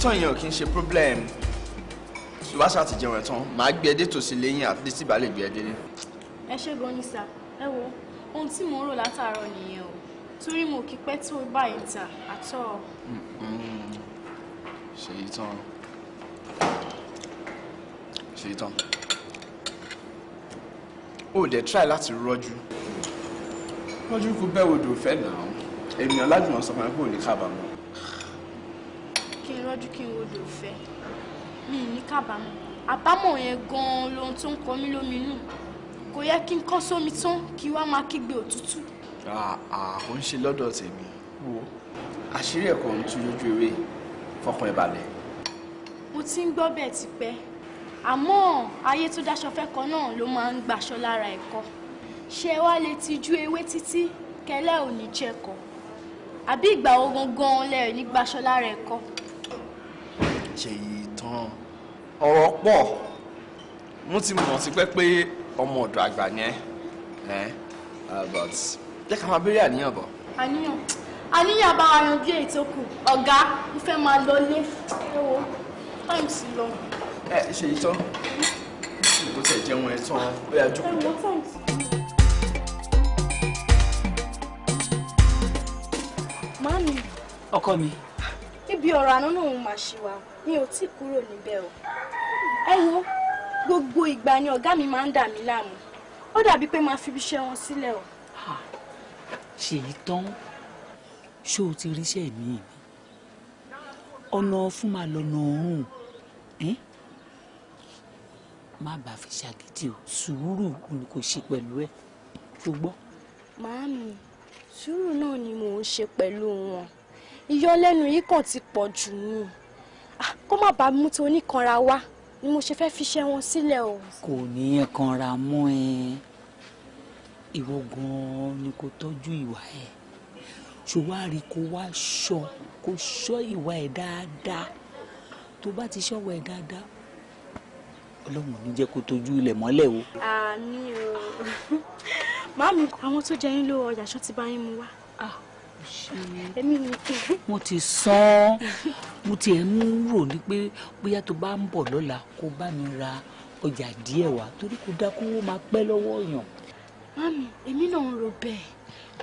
ìtàn yẹn ò kí ń ṣe problem ìwáṣà ti jẹun ẹ̀tàn màá gbé ẹdẹ tòsí lẹ́yìn àti tí ìbá lè gbé ẹdẹ ní. ẹ ṣe gan ni sà ẹ wo ohun tí mò ń rò látàárọ̀ nìyẹn o torí mo kí pẹ́ tó báyìí ta àtọ. Mm-hmm. ṣe ìtàn ṣe ìtàn ó dẹ̀ try láti rọ́jú rọ́jú kú bẹ́ẹ̀ wo dò fẹ́ nà án èmi ọ̀làjùmọ̀ sọ fún mi pé ò ní kábàámọ̀ síwájú kí n odò fẹ́ mi ní kábàámọ̀ àbámọ̀ yẹn gan-an lohun tó ń kọ mí lóminú kò yẹ kí n kọ́ sómi tán kí wá máa kígbe òtútù. àà ń ṣe lọ́dọ̀ tèmi wo àṣírí ẹ̀kọ́ ń tú lójú eré fọkàn ẹ̀ balẹ̀. mo ti ń gbọ́ bẹ́ẹ̀ tipẹ́ àmọ́ ayé tó dáṣọ fẹ́kọ̀ọ́ náà ló máa ń gbaṣọ lára ẹ̀kọ́ ṣé wàá lè tijú ewé títí kẹlẹ́ ò ní jẹ́kọ̀ọ́ àbí ìgbà wo gangan lẹ́yìn ní gbaṣọ lára ẹ̀kọ́ ṣèyí tán ọ̀rọ̀ pọ̀ mo ti mọ̀ sí pẹ́ pé ọmọ ọ̀dọ̀ àgbà yẹn ẹ̀ uh, but jẹ́ ká máa béèrè àníyàn bọ̀. àníyàn àníyàn bá wa yanjú èyí tó kù ọ̀gá mo fẹ́ máa lọ lé ewo time sí lọ. ẹ ṣèyí tán tó tẹ̀ jẹun ẹ tán ó yà jókòó. ẹ wọ time sí. mami. ọkọ mi níbi ọ̀rọ̀ àná náà mà ṣì wà mi ò tí kúrò níbẹ̀ o ẹ wo gbogbo ìgbà ni ọ̀gá mi máa ń dà mí láàmú ó dàbí pé máa fi ibiṣẹ́ wọn sílẹ̀ o. ṣèyí tán ṣó o ti ríṣẹ́ mi ni ọ̀nà ọ̀fun máa lọ́nà ọ̀run má bàa fi ṣàgídí o sùúrù ni kò ṣe pẹ̀lú ẹ̀ tó gbọ́. màámi sùúrù náà ni mò ń ṣe pẹ̀lú wọn ìyọlẹ́nu yìí kàn ti pọ̀ jù ni ah, kó má bàa mú ti oníkanra wá ni mo ṣe fẹ́ẹ́ fi ṣẹ́ wọn sílẹ̀ o. kò ní kanra mọ́ ẹ ìwọ gan-an ni kò tọ́jú ìwà ẹ ṣùwárí kó wá ṣọ́ kó ṣọ́ ìwà ẹ dáadáa tó bá ti ṣọ́wọ́ ẹ dáadáa ọlọ́run ò ní jẹ́ kó tọ́jú ilẹ̀ mọ́lẹ̀ o. àmì o màámi àwọn tó jẹ yín lówó ọjà ṣọ́ ti bá yín mu wá. Ah, mo ti sàn mo ti ẹ̀ ń rò ní pé bóyá tó bá ń bọ̀ lọ́la kó bá mi ra ọjà díẹ̀ wá torí kò dá kó máa pẹ́ lọ́wọ́ èèyàn. mami èmi náà ń rò bẹ́ẹ̀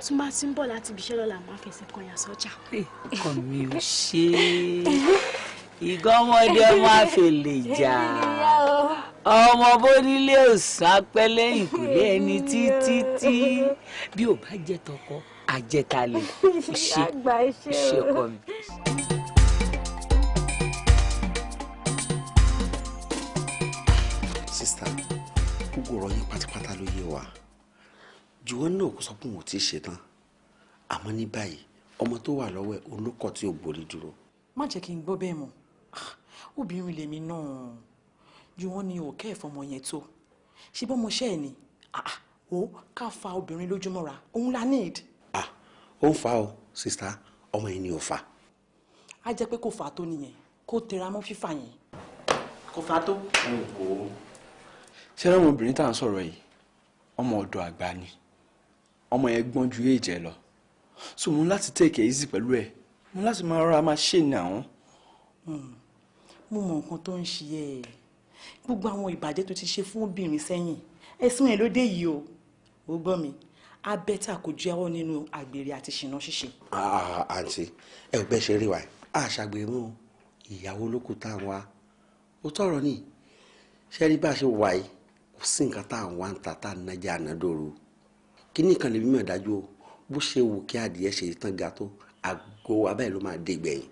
tí máa ti ń bọ̀ láti ibi iṣẹ́ lọ́la máa fẹsẹ̀ kan yà sọ́jà. ọkọ mi ò ṣe é ìgọ́mọdé ọmọ àfẹlẹ jà ọmọ bónílé ò sápẹ́ lẹ́yìn kò lé ẹni títí tí bí ò bá jẹ tọkọ àjẹtalè ṣe ṣe kọ mi. sista gbogbo ọ̀rọ̀ yín pátápátá ló yé wa jùwọ́n náà kò sọ pé òun ò tí ì ṣetán àmọ́ ní báyìí ọmọ tó wà lọ́wọ́ ẹ̀ olókọ̀ tí ò gbórí dúró. má jẹ́ kí n gbọ́ bẹ́ẹ̀ mọ́ ah, obìnrin lèmi náà jùwọ́n ni ò kẹ́ ẹ̀fọ́mọ yẹn tó ṣe bọ́mọṣẹ́ ẹ̀ ni ó ah, ah, ká fa obìnrin lójúmọ́ra òun la need ó ń fa o sista ọmọ yìí ni ò fa. a jẹ pé kò fà á tó nìyẹn kó tẹra mọ́ fífà yẹn kò fà á tó. ṣé ọmọbìnrin tá à ń sọ̀rọ̀ yìí ọmọ ọ̀dọ̀ àgbà ni ọmọ yẹn gbọ́n ju èjẹ̀ lọ so mo ní láti take it easy pẹ̀lú ẹ̀ mo ní láti máa rọra máa ṣe ní àwọn. Hmm. mo mọ nǹkan tó ń ṣe ẹ gbogbo àwọn ìbàjẹ́ tó ti ṣe fún obìnrin sẹ́yìn ẹ̀sùn ẹ̀ ló dé yìí o ò gbọ́ mi á bẹ́tà jẹ́wọ́ nínú àgbèrè àti ṣìnà ṣíṣe. Ah, àǹtí ẹ ò bẹ́ẹ̀ ṣe rí wa a ṣàgbèrè o ìyàwó ló kù tá à ń wá ó tọrọ ni ṣe bá a ṣe wà yìí kò sí nǹkan tá à ń wá ń ta tá à ń nájà ànádòrò kíní kan lè mímọ̀ dájú o bó ṣe wù kí adìyẹ ṣe tán ga tó àgọ́ abẹ́ẹ̀ ló máa dé gbẹ̀yìn.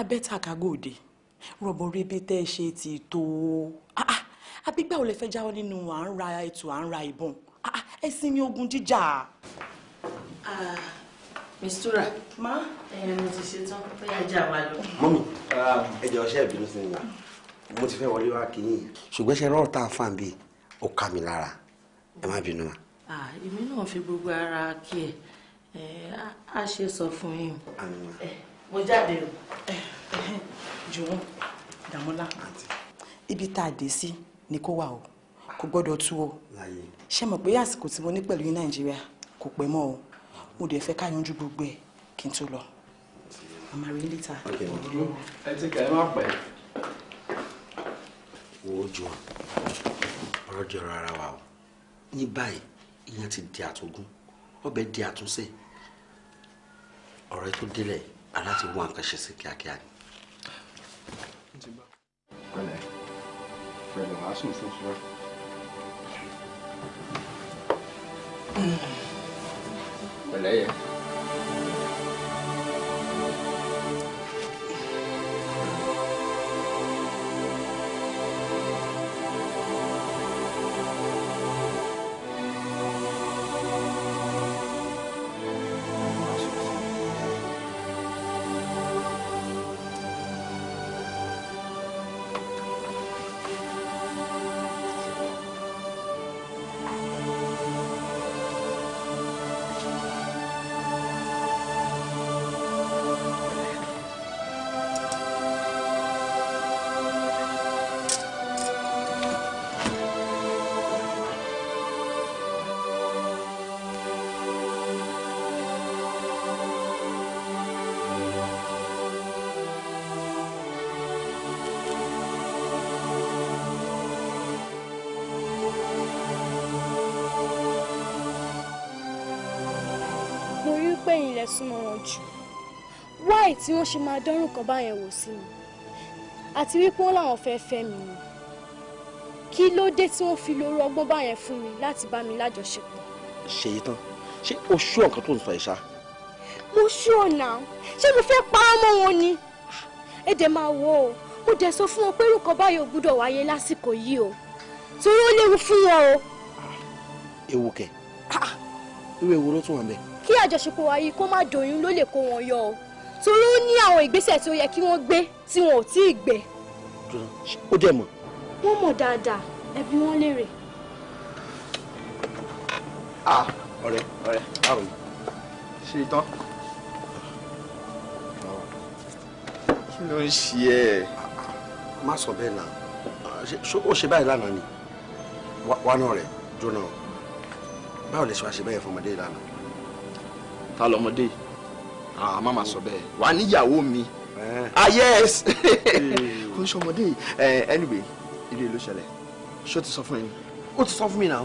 abẹ́tà kágò òde rọ̀bọ̀ rí tẹ́ ẹ ṣe ti tó ah, ah, àbígbà ò lè fẹ́ jáwọ́ nínú à ń ra ètò à ń ra ìbọn Ah, ah, ẹ sinmi ogun jíjà. Ah, mistura ma mo ti ṣe tán bóyá ajá wa lọ. mọ́mí ẹ jẹ́ ọṣẹ́ ìbínú sí mi mo ti fẹ́ wọlé wá kí yín. ṣùgbọ́n ṣe rọ́ọ̀ tá a fà ń bí ó ká mi lára ẹ má bínú wa. èmi náà fi gbogbo ara kí ẹ a ṣe sọ fún yín. mo jáde o. jọ̀wọ́ dàmọ́lá ibi tá a dé sí ni kó wà o kò gbọ́dọ̀ tú o ṣe mọ̀ pé àsìkò tí mo ní pẹ̀lú yín nàìjíríà kò pẹ́ mọ́ o mo dẹ̀ fẹ́ ká yanjú gbogbo ẹ̀ kí n tó lọ ẹ ti kẹ́ ẹ má pẹ́. wo ojú ọ̀rọ̀ jọra ara wa o ní báyìí ìyẹn ti di àtúngún ọbẹ̀ di àtúnṣe ọ̀rọ̀ tó délẹ̀ aláti wọ nǹkan ṣe sí kíákíá ni. pẹ̀lẹ́ pẹ̀lẹ́ wàásù fún fún Pẹ̀lẹ́ yẹn. súnmọ́ wọn jù wáì tí wọ́n ṣe máa dánrùn kan báyẹn wò sí mi àti wípé wọ́n làwọn fẹ́ fẹ́ mi ni kí ló dé tí wọ́n fi lóru ọgbọ́n báyẹn fún mi láti bá mi lájọṣepọ̀. ṣèyí tán ṣé o ṣú ọ̀nkan tó ń sọ ìṣá. mo ṣú ọ̀nà ṣé mo fẹ́ pa á mọ́ wọn ni èdè máa wò o mo dẹ̀ sọ fún wọn pé irúkọ báyìí gbúdọ̀ wáyé lásìkò yìí o torí ó léwu fún wọn o. Ah, ewu kẹ ah, irú ewu ló tún wà bẹ́ẹ̀ kí àjọṣepọ̀ wa yìí kó má dòyún ló lè kó wọn yọ o torí ó ní àwọn ìgbésẹ̀ tó yẹ kí wọ́n gbé tí wọn ò tí ì gbé. ó dẹ̀ mọ̀. wọ́n mọ̀ dáadáa ẹbí wọn léèrè. ah ọ̀rẹ́ ọ̀rẹ́ báwo ni ṣe tán. kí ló ń ṣe ẹ́. má sọ bẹ́ẹ̀ náà ó ṣe báyìí lánàá ni wánà rẹ̀ jóná báwo lè ṣe wá ṣe bẹ́ẹ̀ fún ọmọdé lánàá ta lọmọdé ah Mama, ma sọ mm. bẹ́ẹ̀ wà á níyàwó mi eh. ah yes kò ń ṣọmọdé eh, anyway ilé ló ṣẹlẹ̀ ṣé o ti sọ fún mi. o ti sọ fún mi náà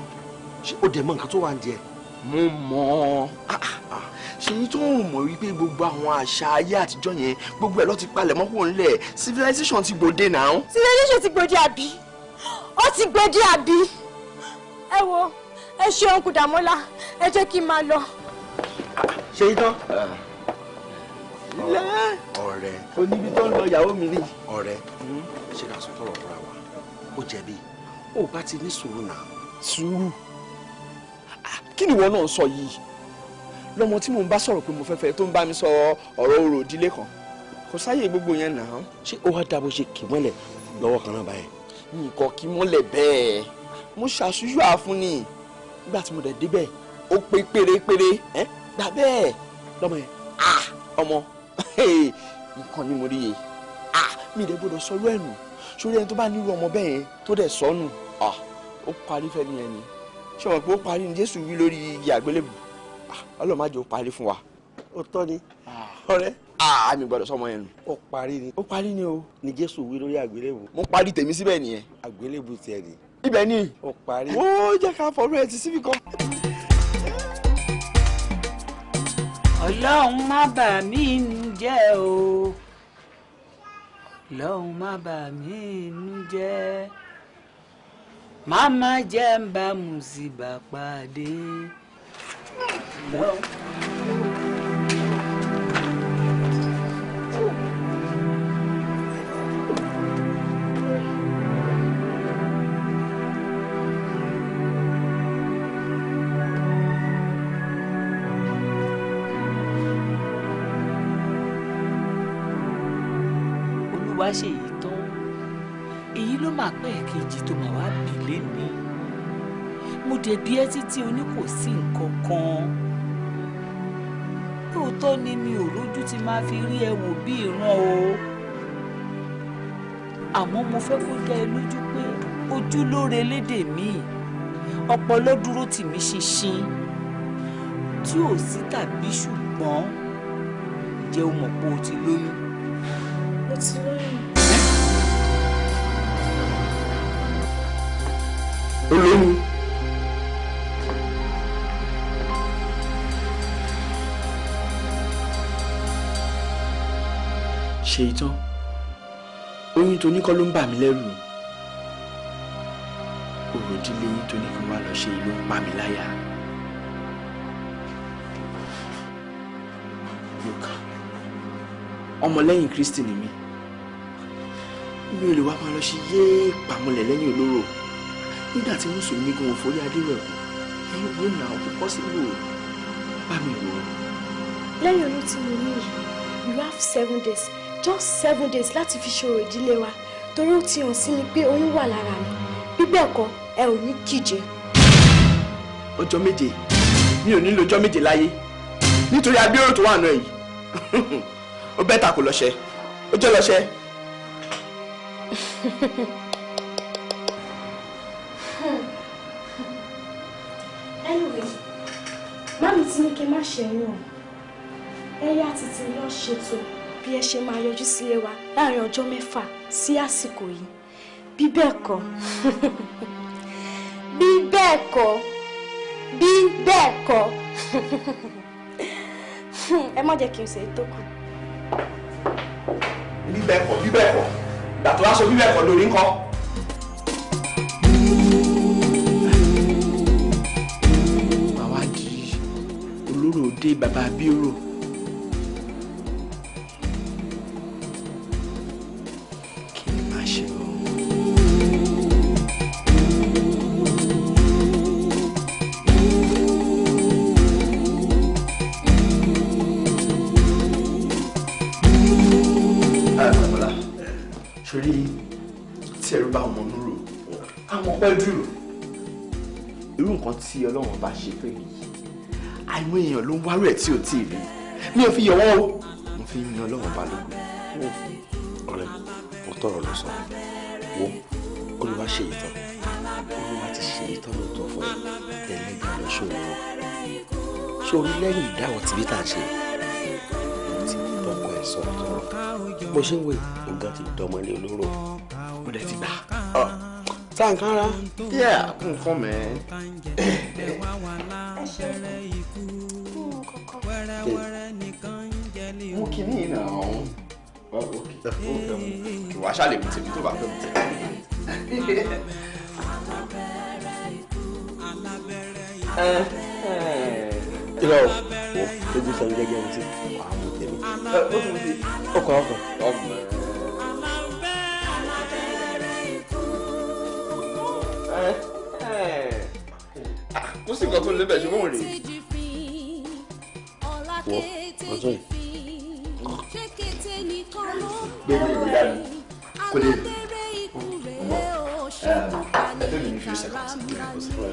ṣé o dẹ̀ mọ nǹkan tó wà ń jẹ. mo mọ ah, ah, ah. ṣèyí tó ń mọ̀ wípé gbogbo àwọn àṣà ayé àtijọ́ yẹn gbogbo ẹ̀ ló ti palẹ̀ mọ́ kúrò civilization ti gbòde náà. civilization ti gbòde àbí ó ti gbòde àbí ẹ wo ẹ ṣeun kùdàmọ́lá ẹ jẹ́ kí n máa lọ ṣe yí tán. ọ̀rẹ́ oníbi tó ń lọ ìyàwó mi rí. ọ̀rẹ́ ṣe ká sọtọrọ fúnra wa ó jẹ̀bi ó bá ti ní sùúrù náà. sùúrù kí ni ìwọ náà sọ yìí lọmọ tí mò ń bá sọ̀rọ̀ pé mo fẹ́ fẹ́ tó ń bá mi sọ ọ̀rọ̀ orò ìdílé kan kò sáyè gbogbo yẹn nà ṣé ó wá dá ṣe kì mọ́lẹ̀ lọ́wọ́ kan náà báyìí. nǹkan kì mọ́lẹ̀ bẹ́ẹ̀ mo ṣàṣùyọ́ àfúnni nígbà tí mo dẹ̀ débẹ̀ ó pé pérépéré gbà bẹ́ẹ̀ lọ́mọ yẹn ah ọmọ nǹkan ni mo rí yẹ ah mi ì dẹ́ gbọ́dọ̀ sọ́rọ́ ẹ̀ nù sórí ẹni tó bá nílò ọmọ bẹ́ẹ̀ tó dẹ̀ sọ́nù ah ó parí fẹ́ nìyẹn ni ṣé wọn pé ó parí ni Jésù wí lórí igi àgbélébù ah Ọlọ́run má jẹ́ ó parí fún wa. o tọ́ ni ọ̀rẹ́ àmì gbọ́dọ̀ sọmọ yẹn nù. ó parí ni. ó parí ni o. ni Jésù wí lórí àgbélébù. mo parí tèmi síbẹ̀ nìyẹn. àgbélébù tiẹ̀ ni. ibẹ̀ ni. ó parí. ó jẹ́ ká fọ̀rọ̀ ẹ̀ ti síbì kan. ọlọ́run má bà mí inú jẹ́ o ọlọ́run má bà mí inú jẹ́ màmá jẹ́ ń bá mùsíbà pàdé. ọlọ́run. apá ẹ̀kejì tó máa wá bì lénìí mo dẹ̀ bí ẹ oní kò sí nǹkan kan lóòótọ́ ni mi ò rójú tí máa fi rí ẹ bí ìran o àmọ́ mo fẹ́ kó dá ẹ lójú pé ojú lóore lédè mi ọpọlọ dúró tì mí ṣinṣin tí ò sí tàbí ṣùgbọ́n ǹjẹ́ o mọ̀ pé o ti lóyún. mo ti lóyún. olóyún. ṣe ìtàn oyún tó ní kọ́ ló ń bà mí lẹ́rù òròdílé yín tó ní kí wàá lọ ṣe ló ń pa mí láyà. ọmọlẹ́yìn Kristi ni mí mi ò lè wá máa lọ ṣe yéé pàmọ́lẹ̀ lẹ́yìn olóró nígbà tí mùsùlùmí gan ò forí adé rẹ̀ kù ẹ̀yin wo nà ó kọ́ bá mi wò lẹ́yìn oyún tí mo ní you have seven days just seven days láti fi ṣòro ìdílé wa torí ó ti hàn sí mi pé oyún wà lára mi bí bẹ́ẹ̀ kọ́ ẹ ò ní kíje. ọjọ́ méje mi ò nílò ọjọ́ méje láyé nítorí abíọ́rò tó wà náà yìí ó bẹ́ẹ̀ ta kò lọ́ṣẹ́ ó jẹ́ lọ́ṣẹ́. ní kí n má ṣẹ́yìn o ẹ̀yà títí lọ ṣètò bí ẹ ṣe máa yọjú sílé wa láàrin ọjọ́ mẹ́fà sí àsìkò yìí bí bẹ́ẹ̀ kọ́ bí bẹ́ẹ̀ kọ́ bí bẹ́ẹ̀ kọ́ ẹ má jẹ́ kí n ṣe é tó kù. bí bẹ́ẹ̀ kọ́ bí bẹ́ẹ̀ kọ́ gbàtọ́ wá sọ bí bẹ́ẹ̀ kọ́ lórí ńkọ́. Bírò dé bàbá Bírò. Kí ni màá ṣe o? Ṣorí tí ẹrú bá ọmọ nírò, àwọn pẹ́ dúró. Irú nǹkan tí Ọlọ́run bá ṣe fẹ́ mi yìí àìmọ̀ èèyàn ló ń wárò ẹ̀ tí ò tí ì rí mi ò fi yọ̀ wọ́n o mo fi ń yan ọlọ́run balógun wò ọ̀rẹ́ mo tọrọ lọ sọ wo olúwa ṣe ìtàn olúwa ti ṣe ìtàn lóòótọ́ fún ẹ tẹ̀lé gbà lọ sóòrò sórí lẹ́yìn ìdáwọ̀ tìbí tá a ṣe ti dọ́kọ̀ ẹ̀ sọ̀rọ̀ mo ṣe ń wé nǹkan ti dọ́mọ ilé olóró mo dẹ̀ ti gbà. Ah. Sankara. Yeah, come come man. Mo kì ní ìnà ọ̀hún. Kì wá ṣàlè mi tèmi tó bá fẹ́ mi tèmi. Eh, eh. Irọ́ o, ojú sọ mi gẹ́gẹ́ mi sí. Ọkọ̀ ọkọ̀. sí nǹkan tó lé bẹ̀ ṣe wọ́n rè é. wọ́n ọjọ́ yìí. gbé mi ìwé dání kó lè rí. ẹgbẹ́ mi ní few seconds kí n kó sí fún ẹ.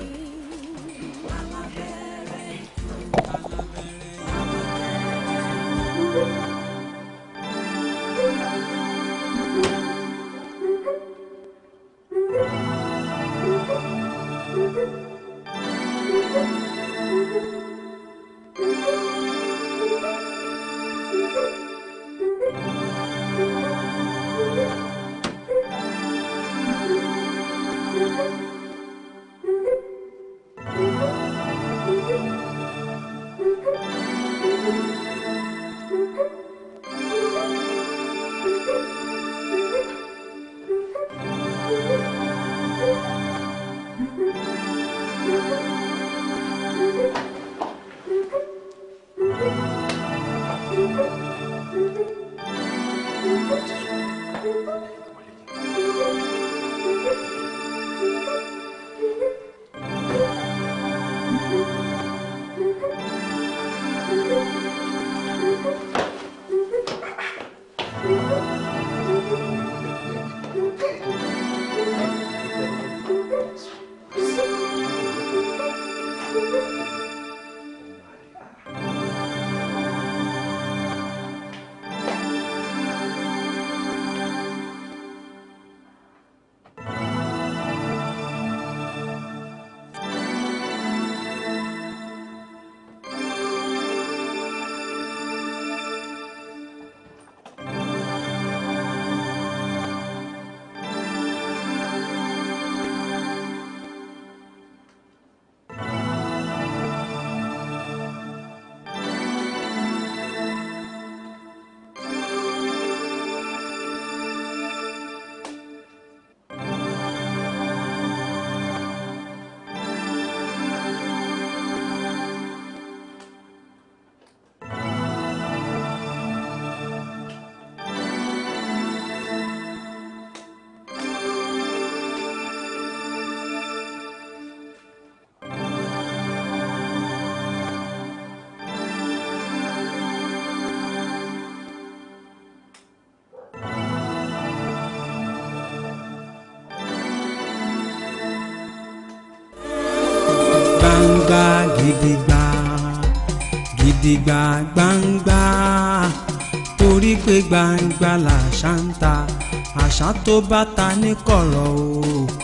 gidigba gidigba gbangba torí pé gbangba làṣà ń ta àṣà tó bá ta ní kọ̀rọ̀ o.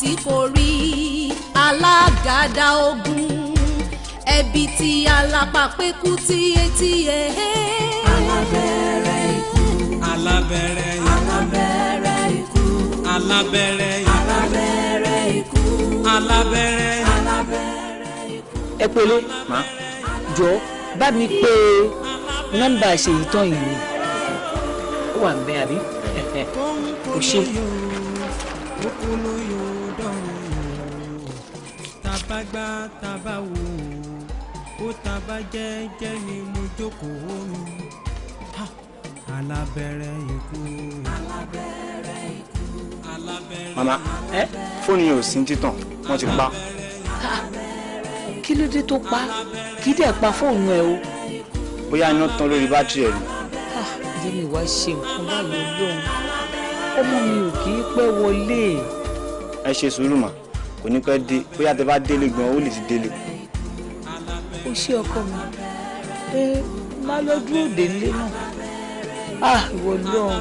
tí kò rí alágàdá ogun ẹbí tí alápàpẹ́kù tí etí ẹ̀. alábẹ́rẹ́ ikú. alábẹ́rẹ́ ikú. alábẹ́rẹ́ ikú. alábẹ́rẹ́ ikú. ẹ pẹ̀lẹ́ ma jọ bá mi pé nọ́mbà ṣèyítàn yìí ni ó wà ń bẹ àbí kò ṣe bágbá tá bá wò ó tá bá jẹ́jẹ́ ni mo jókòó mi alábẹ́rẹ́ ikú. alábẹ́rẹ́ ikú. mama ẹ fóònù yìí ò sí títàn wọn ti pa. kí ló dé tó pa kí dẹ̀ pa fóònù ẹ o. bóyá iná tán lórí bátìrì ẹ ni. ìyá mi wá ṣe nǹkan báyìí lóhun ọmọ mi ò kì í pẹ́ wọlé. ẹ ṣe sùúrù mà kò ní pẹ́ dé bóyá tẹ bá délé gan ó lè ti délé. ó ṣe ọkọ mi ẹ má lọ dúró dé nílé náà á ah, ìwọ náà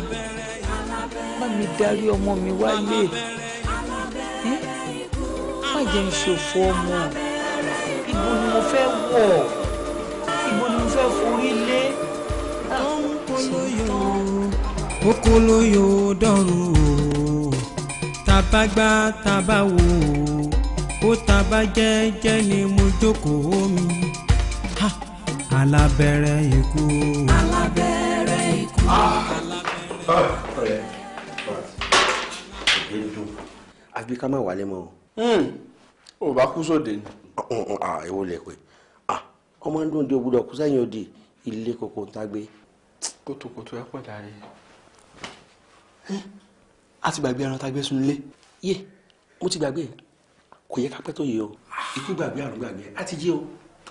má mi darí ọmọ mi wálé má jẹ́ ń ṣòfò ọmọ ibo ni mo fẹ́ wọ̀ ibo ni mo fẹ́ forí lé. Ah, okòlóyò dọ̀rùn o bá gbá tá a bá wò ó ó tá a bá jẹ́jẹ́ ni mo jókòó mi alábẹ́rẹ́ ikú. Ah! alábẹ́rẹ́ ikú. àbí ká má wálé mọ́ o. ò hmm. bá kú sóde ni. Ah, èwo lè pè ah, ọmọ ń di ògbúdọ̀ kú sẹ́yìn òdì ilé kòkó ń tá kótókótó ẹ pọ̀ dáre a ti gbàgbé ẹran tá a gbé sunlé yé mo ti gbàgbé kò yẹ ká pẹ́ tó yẹ o ikú gbàgbé àrùn gbàgbé a ti jẹ́ o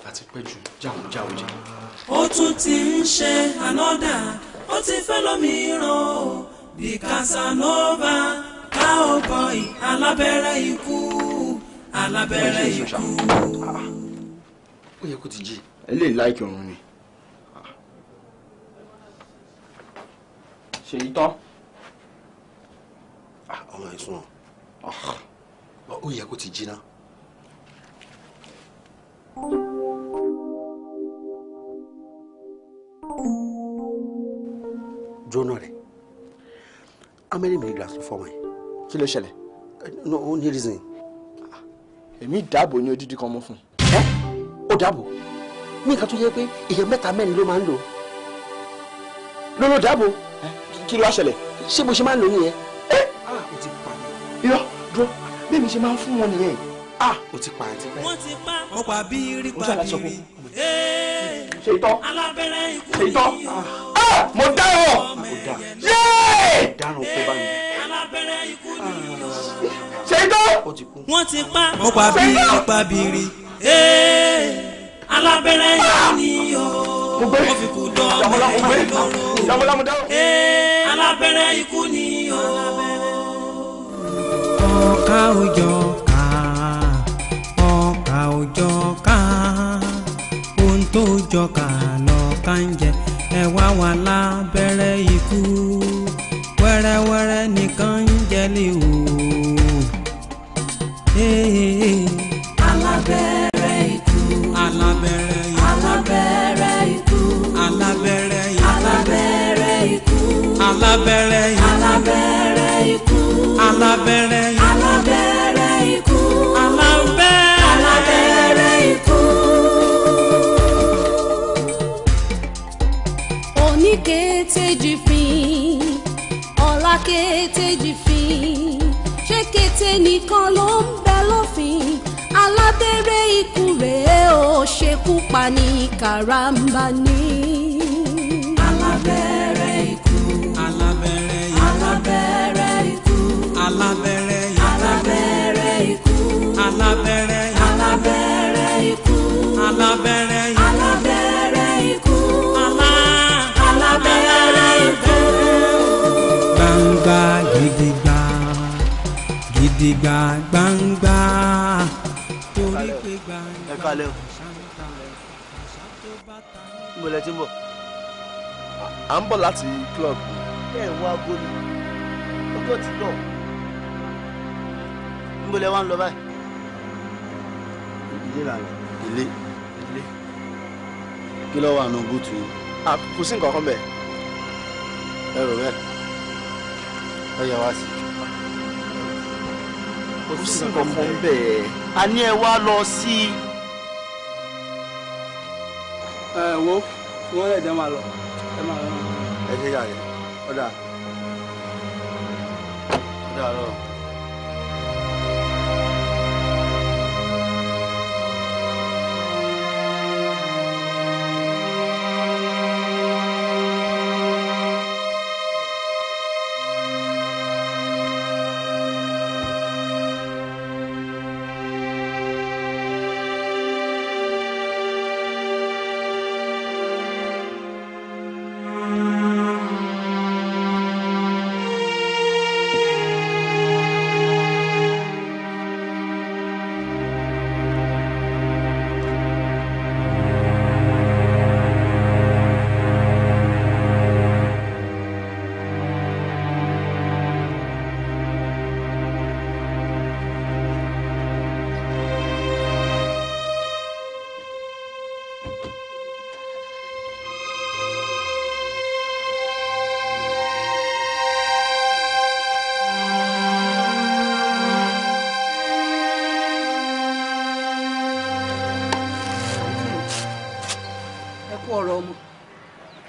àti pẹ́ jù jáwó jáwó jẹ. ó tún ti ń ṣe ànọ́dà ó ti fẹ́ lómìíràn o bí Casanova ká ó bọ alábẹ́rẹ́ ikú alábẹ́rẹ́ ikú. Ah, ah. ó yẹ kó ti jí. eléyìí láìkì ọ̀run ni. Ah. ṣèyí tán ọmọ ìsún ọ ó yẹ kó ti jiná. jóná rẹ amẹ́rin mi gbà sọ fọmọ yẹn. kí ló ṣẹlẹ̀. no o ní reason. èmi dáàbò ní odidi kan mọ́ fún un. ẹ ó dáàbò ní nǹkan tó yẹ pé èèyàn mẹ́ta mẹ́rin ló máa ń lò ló ló dáàbò kí ló wá ṣẹlẹ̀ ṣé bó ṣe máa ń lò nìyẹn o ti pa mí. irọ́ dúró bẹ́ẹ̀ mi ṣe máa ń fún wọn nìyẹn ah o ti pa àti pẹ́. wọ́n ti pa wọ́n pa bírí pa bírí eh, ṣe tọ́ ṣe tọ́ ah mo ah, dáràn yéé dáràn kó bá mi eh, ah, ṣe tọ́ wọ́n ti pa wọ́n pa bírí pa bírí eh, alábẹ́rẹ́ yìí ah! ni o wọ́n fi kú dán mẹ́rin lọ́rùn alábẹ́rẹ́ ikú ni o ọkà òjọ ká ọkà òjọ ká ohun tó jọ ká lọ́ka ń jẹ ẹ wá wà lábẹ́rẹ́ ikú wẹ́rẹ́wẹ́rẹ́ nìkan ń jẹ lè wò alábẹ́rẹ́ ikú alábẹ́rẹ́ ikú alábẹ́rẹ́ ikú alábẹ́rẹ́ ikú alábẹ́rẹ́ ikú alábẹ́rẹ́ ikú. alábẹ́rẹ́ ikú. alábẹ́rẹ́. alábẹ́rẹ́ ikú. òní kétéjì fín ọ̀la kétéjì fín ṣé kété nìkan ló ń bẹ lófin alábẹ́rẹ́ ikú rèé ó ṣekú pa ní karambani. alábẹ́rẹ́. alábẹ́rẹ́ ikú alábẹ́rẹ́ ikú alábẹ́rẹ́ ikú alábẹ́rẹ́ ikú alábẹ́rẹ́ ikú. gbangba gidigba gidigba gbangba torí à ń bọ̀ láti club ẹ ń wá agolo ọjọ́ ti lọ níbo lẹ wá ń lọ báyìí ilé làwọn. ilé. ilé. kí ló wà nù búùtù yìí. a kò sí nǹkan kan bẹ́ẹ̀. ẹ rò bẹ́ẹ̀ ẹ yẹ wá sí kò sí nǹkan kan bẹ́ẹ̀. a ní ẹ wá lọ sí i. ẹ wo wọn lè jẹ máa lọ ẹ máa lọ. ẹ ṣe yàrá ọ̀dà ọ̀dà rọ.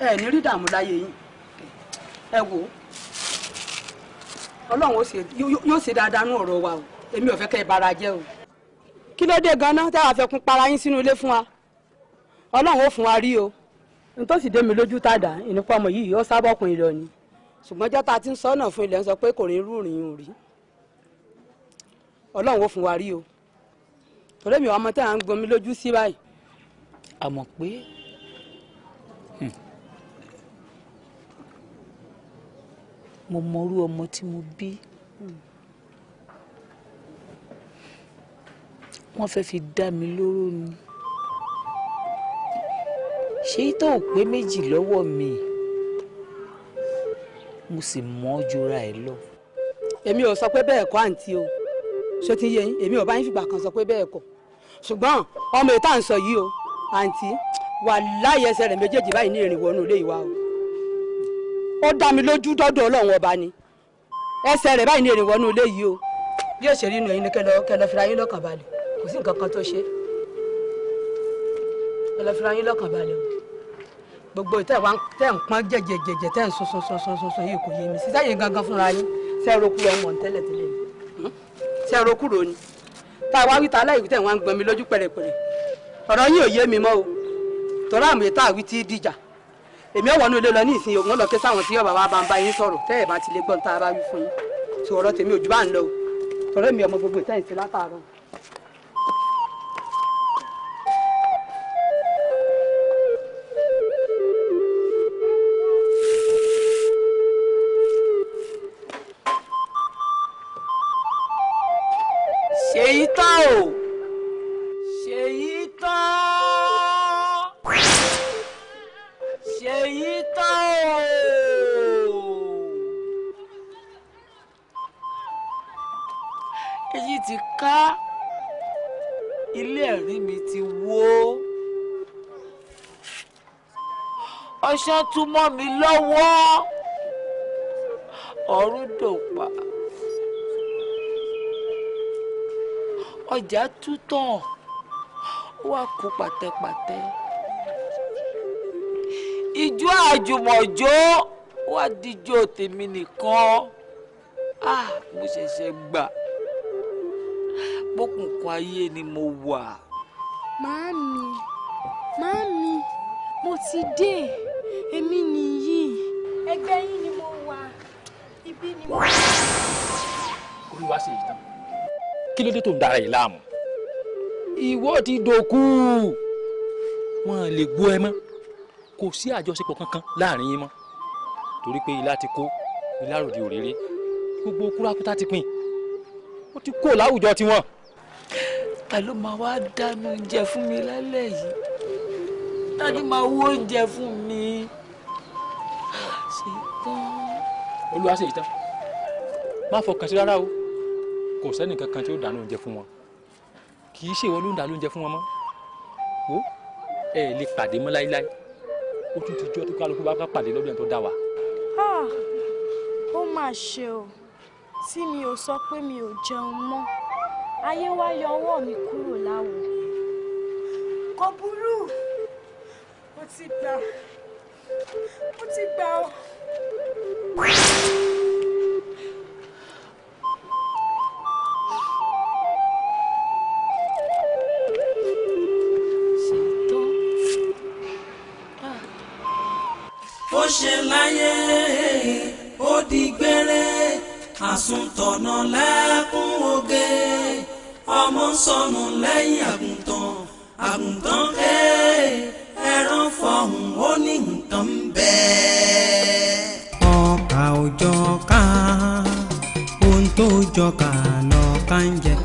ẹ ní rí dààmú láyé yín ẹ wò ó ọlọ́run yóò ṣe dáadáa nú ọ̀rọ̀ wa o èmi ò fẹ́ kẹ́ ẹ bara jẹ́ o. kí ló dé ganan tá a fẹ́ kún para yín sínú ilé fún wa ọlọ́run ó fún wa rí o n tó sì dé mi lójú tàdá ìnípa ọmọ yìí ó sábọ̀kùn ìlọ ni ṣùgbọ́n jọ́ta ti ń sọ́nà fún ilẹ̀ ń sọ pé kò rí irú ìrìn òrí ọlọ́run ó fún wa rí o torí mi ò ọmọ tí à ń gbomi lójú sí báyìí. àmọ́ pé hmm, mo mọrú ọmọ tí mo bí hmm. wọ́n fẹ́ fi dá mi lóró ni ṣé tó ò pé méjì lọ́wọ́ mi mo sì mọ́ jura ẹ̀ lọ. èmi ò sọ pé bẹ́ẹ̀ kọ́ àǹtí o ṣó ti yé yín èmi ò bá yín fìgbà kan sọ pé bẹ́ẹ̀ kọ́ ṣùgbọ́n ọmọ ìta ń sọ yìí o àǹtí wà láyé ẹsẹ̀ rẹ̀ méjèèjì báyìí ní ìrìn wọnú ilé ìwà o ó dá mi lójú dọ́dọ̀ ọlọ́run ọba ni ẹsẹ̀ rẹ̀ báyìí ni èrè wọnú ilé yìí o. bí ó ṣe rí inú ẹ̀yin ni kẹlọ kẹlọ fira yín lọ́kàn balẹ̀ kò sí nǹkan kan tó ṣe kẹlọ fira yín lọ́kàn balẹ̀ o gbogbo tẹ wá tẹ ń pọn jẹjẹjẹjẹ tẹ ń sunsun sunsun sunsun yìí kò yé mi sí sẹ́yìn gangan fúnra yín sẹ roku ẹ mọ tẹ́lẹ̀ tẹ́lẹ̀ ni sẹ roku ro ni tá a wá wíta aláìwí tẹ wọn gbọn mi lójú pẹ̀rẹ̀pẹ̀rẹ̀ ọ̀rọ̀ yín ò yé mi mọ́ o tọ́lá àmì tá a wí ti dìjà èmi ọ̀wọ́nú ilé lọ ní ìsìn òun lọ sáwọn tí ọba wa bá ń bá yín sọ̀rọ̀ tẹ́ ẹ̀ bá ti lè gbọ́n tá a bá wí fún yín sọ̀rọ̀ tèmi ò bá ń lọ o ọmọ gbogbo ìtẹ́yìn sí látàárọ̀. tún mọ́ mi lọ́wọ́ ọ̀run dòpa ọjà tú tán ó wá kú pàtẹ́pàtẹ́ ìjọ àjùmọ̀jó wá díjọ tèmi nìkan ah mo ṣẹ̀ṣẹ̀ gbà gbókùnkùn ayé ni mo wà. màámi màámi mo ti dé èmi nìyí ẹgbẹ́ yín ni mo wà ibi ni mo wà. olúwa ṣe yìí tán kí ló dé tó ń dara yìí láàmú. ìwọ ti dòkú wọn lè gbọ́ ẹ mọ́ kò sí àjọṣepọ̀ kankan láàrin yín mọ́ torí pé ilá ti kó ilá ròde òréré gbogbo kúrákútà ti pin ó ti kó láwùjọ tiwọn. ta ló máa wá dáná oúnjẹ fún mi lálẹ́ yìí ta ló máa wó oúnjẹ fún mi. olúwa ṣe ìtàn má fọkàn sí rárá o kò sẹ́ni kankan tí ó dáná oúnjẹ fún wọn kì í ṣèwọ ló ń dáná oúnjẹ fún wọn mọ́ o ẹ lè pàdé mọ́ láíláí ó tún ti jọ́ tó kálukú bá pàdé lọ́dún ẹ̀ tó dá wa. ó mà ṣe o tí mi ò sọ pé mi ò jẹun mọ́ ayé wá yọ ọwọ́ mi kúrò láwo. kò burú mo ti gbà mo ti gbà o. ọ̀nà lẹ́kún oge ọmọ sọnù lẹ́yìn àgùntàn àgùntàn eh, ẹran fọhùn ó ní nǹkan bẹ́ẹ̀. ọkà òjọ ká ohun tó jọ kà lọ ká ń jẹ.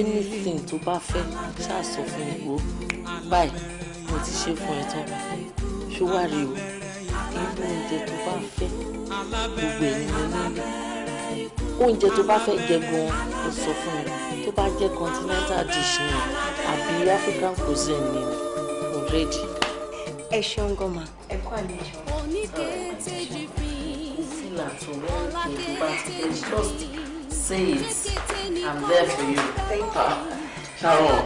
anything tó bá fẹ́ ṣáà sọ fún ti ṣe fún ẹ tán ṣó wá rí o irú oúnjẹ tó bá fẹ́ gbogbo ẹ̀ ni oúnjẹ tó bá fẹ́ jẹ gan ọ sọ fún mi tó bá jẹ́ continental dish ni àbí african cuisine ni already. ẹ ṣeun gọmà ẹ kọ àlejò. oníkèété jì fi sílà tó wọ́n kí n bá ti fẹ́ just say it i'm there for you. thank you. sharon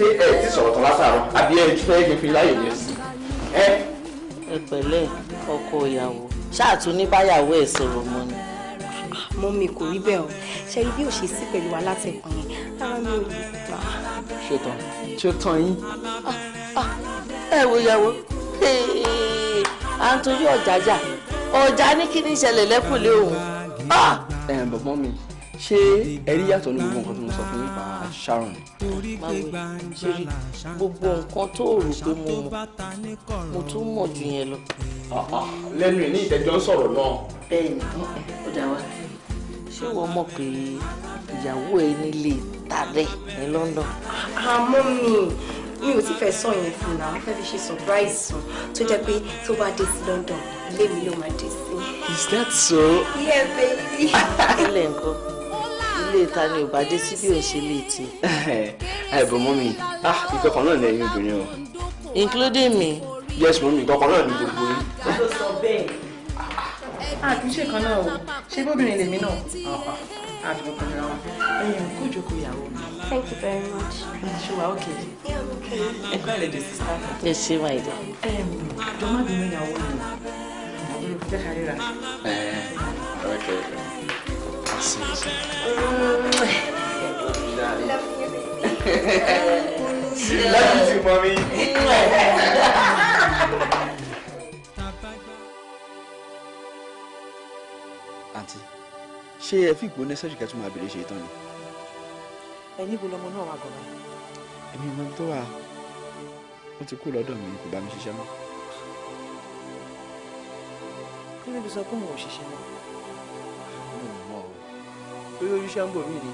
ṣé ẹ ti sọ̀rọ̀ tán lásàárọ̀ àbí ẹ ti fẹ́ fi láyè yẹn sí. ẹ pẹ̀lẹ́ ọkọ ìyàwó ṣáàtú ní báyàwó ẹ̀ sọ̀rọ̀ mọ́ ni. mọ́mì kò rí bẹ́ẹ̀ o ṣe rí bí ò ṣe sí pẹ̀lú wa látẹ̀kùn yẹn rárá mi ò lè gbà. ṣé tán ṣé tán yín. Ah, ah. ẹ wo ìyàwó à ń torí ọ̀jà jà ọ̀jà ní kí ni ìṣẹ̀lẹ̀ lẹ́kùnlé òun. Ah! bọ̀bọ́n mi ṣé ẹ̀rí yàtọ̀ ní gbogbo nǹkan tó mo sọ fún nípa Sharon. màmí gbogbo nǹkan tó rò pé mo mọ̀ mo tún mọ̀ jù yẹn lọ. Ah, ah, lẹ́nu ẹ̀ ní ìtẹ́jọ́ ń sọ̀rọ̀ náà. bẹ́ẹ̀ni ó dá wa ṣé wọ́n mọ̀ pé ìyàwó ẹ nílé tààrẹ ní London. àmọ́ mi mi ò ti fẹ́ sọ yẹn fún un àwọn fẹ́ fi ṣe surprise sùn tó jẹ́ pé tó bá dé sí London ilé mi ló máa dé sí. is that so? yes baby. ilé nǹkan ilé ìta ni ò bá dé sí bí ò ń ṣe ilé mi ìkọkàn náà lẹ́yìn obìnrin o. including me. yes mọ́ mi ìkọkàn náà ni gbogbo yín. a ah, ló sọ bẹ́ẹ̀. àtúnṣe kan náà o ṣé bóbìnrin lèmi náà. Ah, àtúnṣe kan náà ẹ̀yin kò jókòó ìyàwó mi. Thank you very much. Ṣùgbọ́n okay. Ẹ kọ́ ẹ̀rẹ́ dè sísá. Ẹ ṣe wá ìdá. Jọ̀ọ́ má bínú ìyàwó mi. Ẹ fẹ́ kárí ra. Ẹ eh, ẹ ọ̀rẹ́ kẹrẹ see you soon. Love you, baby. Love you too, mommy. Àǹtí, ṣé ẹ fi ìgbóná sẹ́jìká tún máa bèrè ṣe tán ni? Ẹ̀yin ìbò lọmọ náà wà gan Èmi mọ tó wà. Ó ti kú lọ́dọ̀ mi, kò bá mi ṣiṣẹ́ mọ́. Kí ló fi sọ pé òun ò ṣiṣẹ́ mọ́? orí oríṣẹ́ ń bò mí ni.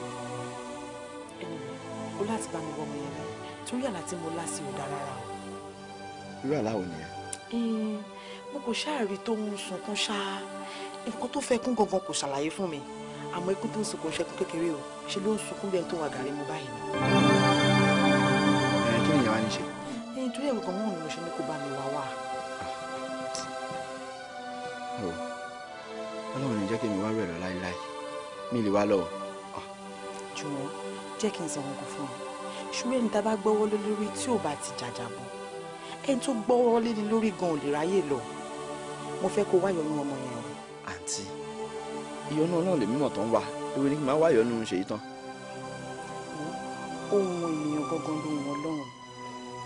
o láti bá mi wọ ọmọ yẹn lẹ́yìn torí àlá tí mo lá sí ò dára rárá o. irú àlá wo nìyẹn. mo kò ṣáàrí tó ń sunkún ṣáá nǹkan tó fẹ́ kún gangan kò ṣàlàyé fún mi àmọ́ ikú tó ń sunkún ṣẹkún kékeré o ṣe ló ń sunkún bí ẹni tó wà gàrí mu báyìí ni. ẹ kí ni ìyá wa ní ṣe. ẹyin torí ẹ̀rù gan-an ni mo ṣe ní kó bá mi wá wá. ọlọ́run ní jẹ́ kí mi wá rẹ̀ lọ láéláé mi lè wá lọ. Ah. jọ̀wọ́ jẹ́ kí n sọ nǹkan fún ọ ṣùgbọ́n ẹni tá a bá gbọ́wọ́ lé lórí tí ò bá ti jàjàbọ̀ ẹni tó gbọ́wọ́ lé lórí gan ò lè ráyè lọ mo fẹ́ kó wáyọ̀ nínú ọmọ yẹn o. àǹtí ìyọnu ọlọ́run lè mímọ̀ tó ń wà ewé ni kí n máa wáyọ̀ nínú ṣèyí tán. ohun ènìyàn gangan ló ń wọ lọ́rùn.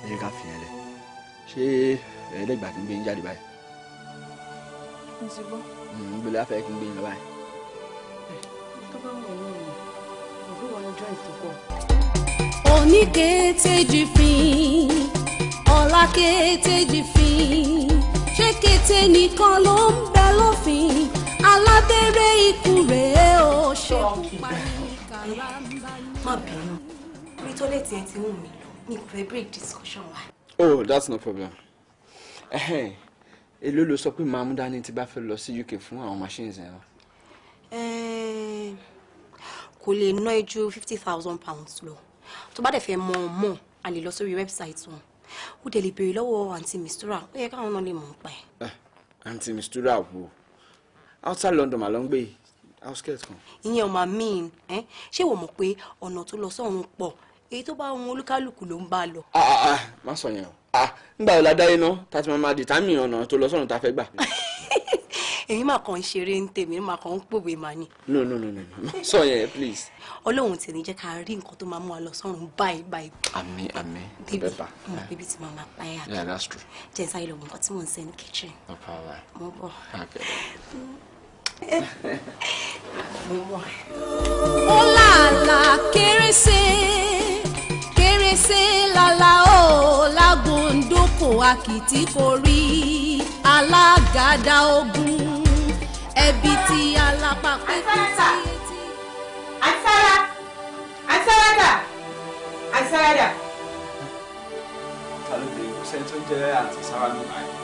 ẹ jẹ́ ká fi yẹn lẹ̀ ṣé ẹ̀ẹ́dẹ́gbà kí n gbé yín jáde báyìí. mo ti gbọ́. ń hmm, afẹ́ kí n gbé yín lọ báyìí tó bá wọ̀ ọ́ òbí wọn ọjọ́ ìtọ́pọ̀. ṣé kété nìkan ló ń bẹ lófin alábẹ́rẹ́ ikú rèé o ṣe pupa ní kàlámbá ní. orí tó lè tiẹ̀ ti wù mí mi kò fẹ́ break discussion wa. oh that's no problem. èló ló sọ pé màá mú dání tí bá fẹ́ lọ sí UK fún àwọn machines yẹn. Eh, kò lè ná ẹ ju fifty thousand pounds lọ tó bá dẹ̀ fẹ́ mọ mọ̀ a lè lọ sórí wẹ́bsáìtì wọn ó dẹ̀ lè béèrè lọ́wọ́ àǹtí mistura ó yẹ káwọn náà lè mọ̀ nípa ẹ̀. àǹtí eh, mistura wo outside London màá lọ ń gbé outskirt kan. ìyẹn ọmọ mi eh? ṣé wò mọ̀ pé ọ̀nà tó lọ sọ́run pọ̀ èyí tó bá ohun olúkálùkù ló ń bá lọ. Ah, ah, ah, má sọ yẹn o nígbà wo la dá iná tá a ti máa ma dìtámì ọ̀nà tó lọ sọ́run tá a fẹ́ gbà. èyí máa kàn ń ṣeré ń tèmi máa kàn ń pòwe màá ni. no no no no sọ yẹn please. ọlọ́run tì ní jẹ́ ká rí nǹkan tó máa mú wa lọ sọ́run báyìí báyìí. àmín àmín bẹ́ẹ̀ bá bẹ́ẹ̀ bíbí tí màmá payá kí jẹ́ sáré lọ nǹkan tí mò ń sẹ́ ní kitchen. mo bọ̀ mo bọ̀. ó làlà kérésì kérésì làlà ó lágùn dúnkù àkìtì kò rí alágàdá ogun. Ansarata Ansara Ansarata Ansarada. ta ló dé kò sẹ́ni tó ń jẹ́ àǹtí sára mi báyìí.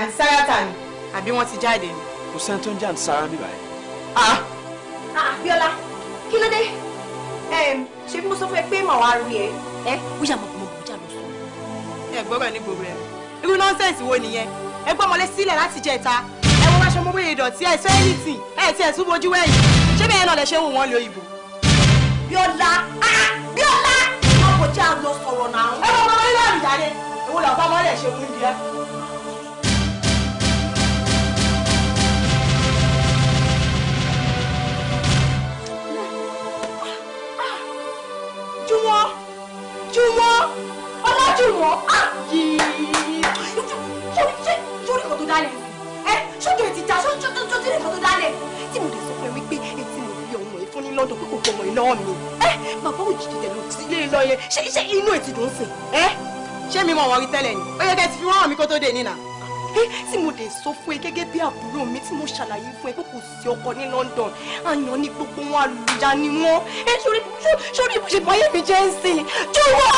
Ansarata ni àbí wọ́n ti jáde ni. kò sẹ́ni tó ń jẹ́ àǹtí sára mi báyìí. Ah. Ah, Abíọ́lá kí ló dé ṣé bí mo sọ fún ẹ pé màá wá rí ẹ ẹ ó yà mọ̀ mọ̀ bójá lọ sùn. ẹ gbọ́dọ̀ ní gbogbo ẹ irú nọ́ńsẹ̀nsì wo nìyẹn ẹ gbọ́mọlé sílẹ̀ láti jẹ́ ìta ọmọ wáṣọ ọmọ wéyè dọ̀tí ẹ̀ sọ anything ẹ̀ tí ẹ̀ tún bojú wẹ̀yìn ṣé bẹ́ẹ̀ náà lẹ ṣe wò wọ́n lo ìbò. Bíọ́lá ah, Bíọ́lá wọn kò jẹ́ àlọ́ sọ̀rọ̀ náà. ẹ wọ́n mọ ilé àmì jáde èwo làwọn bá mọ́lẹ̀ ṣe fún ìdíyẹ. Jùwọ́ Jùwọ́ Ọlájùwọ́ ah, yìí torí kò tó dálẹ̀ ìjà sójú tó tó tẹ́lẹ̀ mọ́tò dálẹ̀ tí mo lè sọ fún ẹ wípé etí mo fi ọmọ yìí fún ní London kò gbọmọ iná mi ẹ bàbá òjijì tẹ̀lé òtí ilé lọ yẹn ṣé ṣé inú ètí ló ń sìn ẹ. ṣé mi mọ̀ wọ́n rí tẹ́lẹ̀ ni ó yẹ kẹ́ ti fi wọ́n mi kó tó dé nínà. tí mo lè sọ fún ẹ gẹ́gẹ́ bí àbúrò mi tí mo ṣàlàyé fún ẹ pé kò sí ọkọ ní London àyàn ni gbogbo wọn àlùjá ni wọn ẹ sórí sórí bó ṣe bọ́ yé mi jẹ́ ń sìn jùwọ́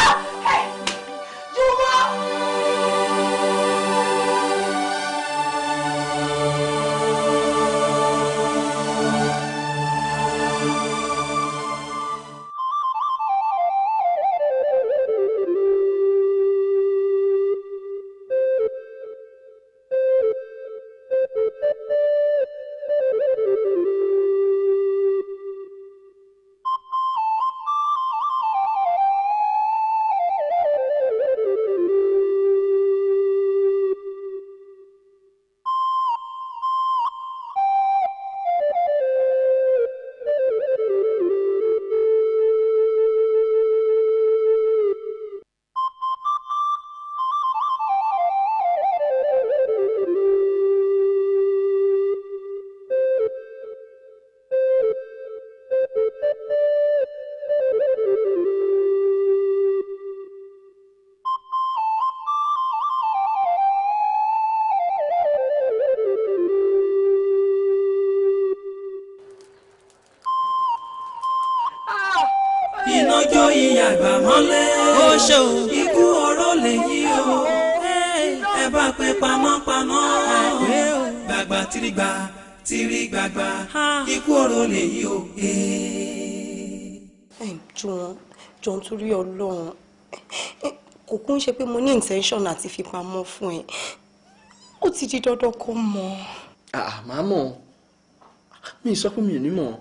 jùwọ́. gbagba ikú ọ̀rọ̀ lèyí o. jọ̀wọ́n jọ̀wọ́n torí ọlọ́run kò kún ṣe pé mo ní intention àti fipamọ́ fún ẹ ó ti di dandan kó mọ̀. Ah, ah, màá mọ̀ mi sọ pé mi ò ní mọ̀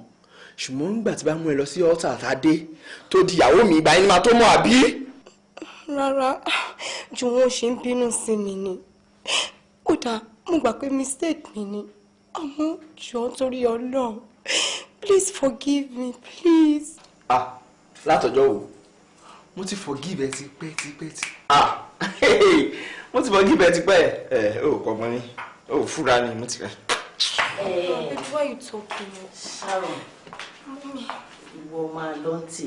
ṣùgbọ́n nígbà tí bá mú ẹ lọ sí ọ́tà àtàdé tó di ìyàwó mi ìgbà ẹni máa tó mọ̀ àbí. rárá jọ̀wọ́n ṣe ń bínú sí mi ni kódà mo gbà pé mistake mi ni àmọ́ jọ̀ọ́ torí Ọlọ́run please forgive me please. ah látọjọ́ wo mo ti forgive ẹ ti pẹ́ ti ah mo ti forgive ẹ ti pẹ́ ẹ ò kọ mọ ni ò fúra ni mo ti rẹ. ẹ eh. why you talking sharon ìwọ máa lọ tì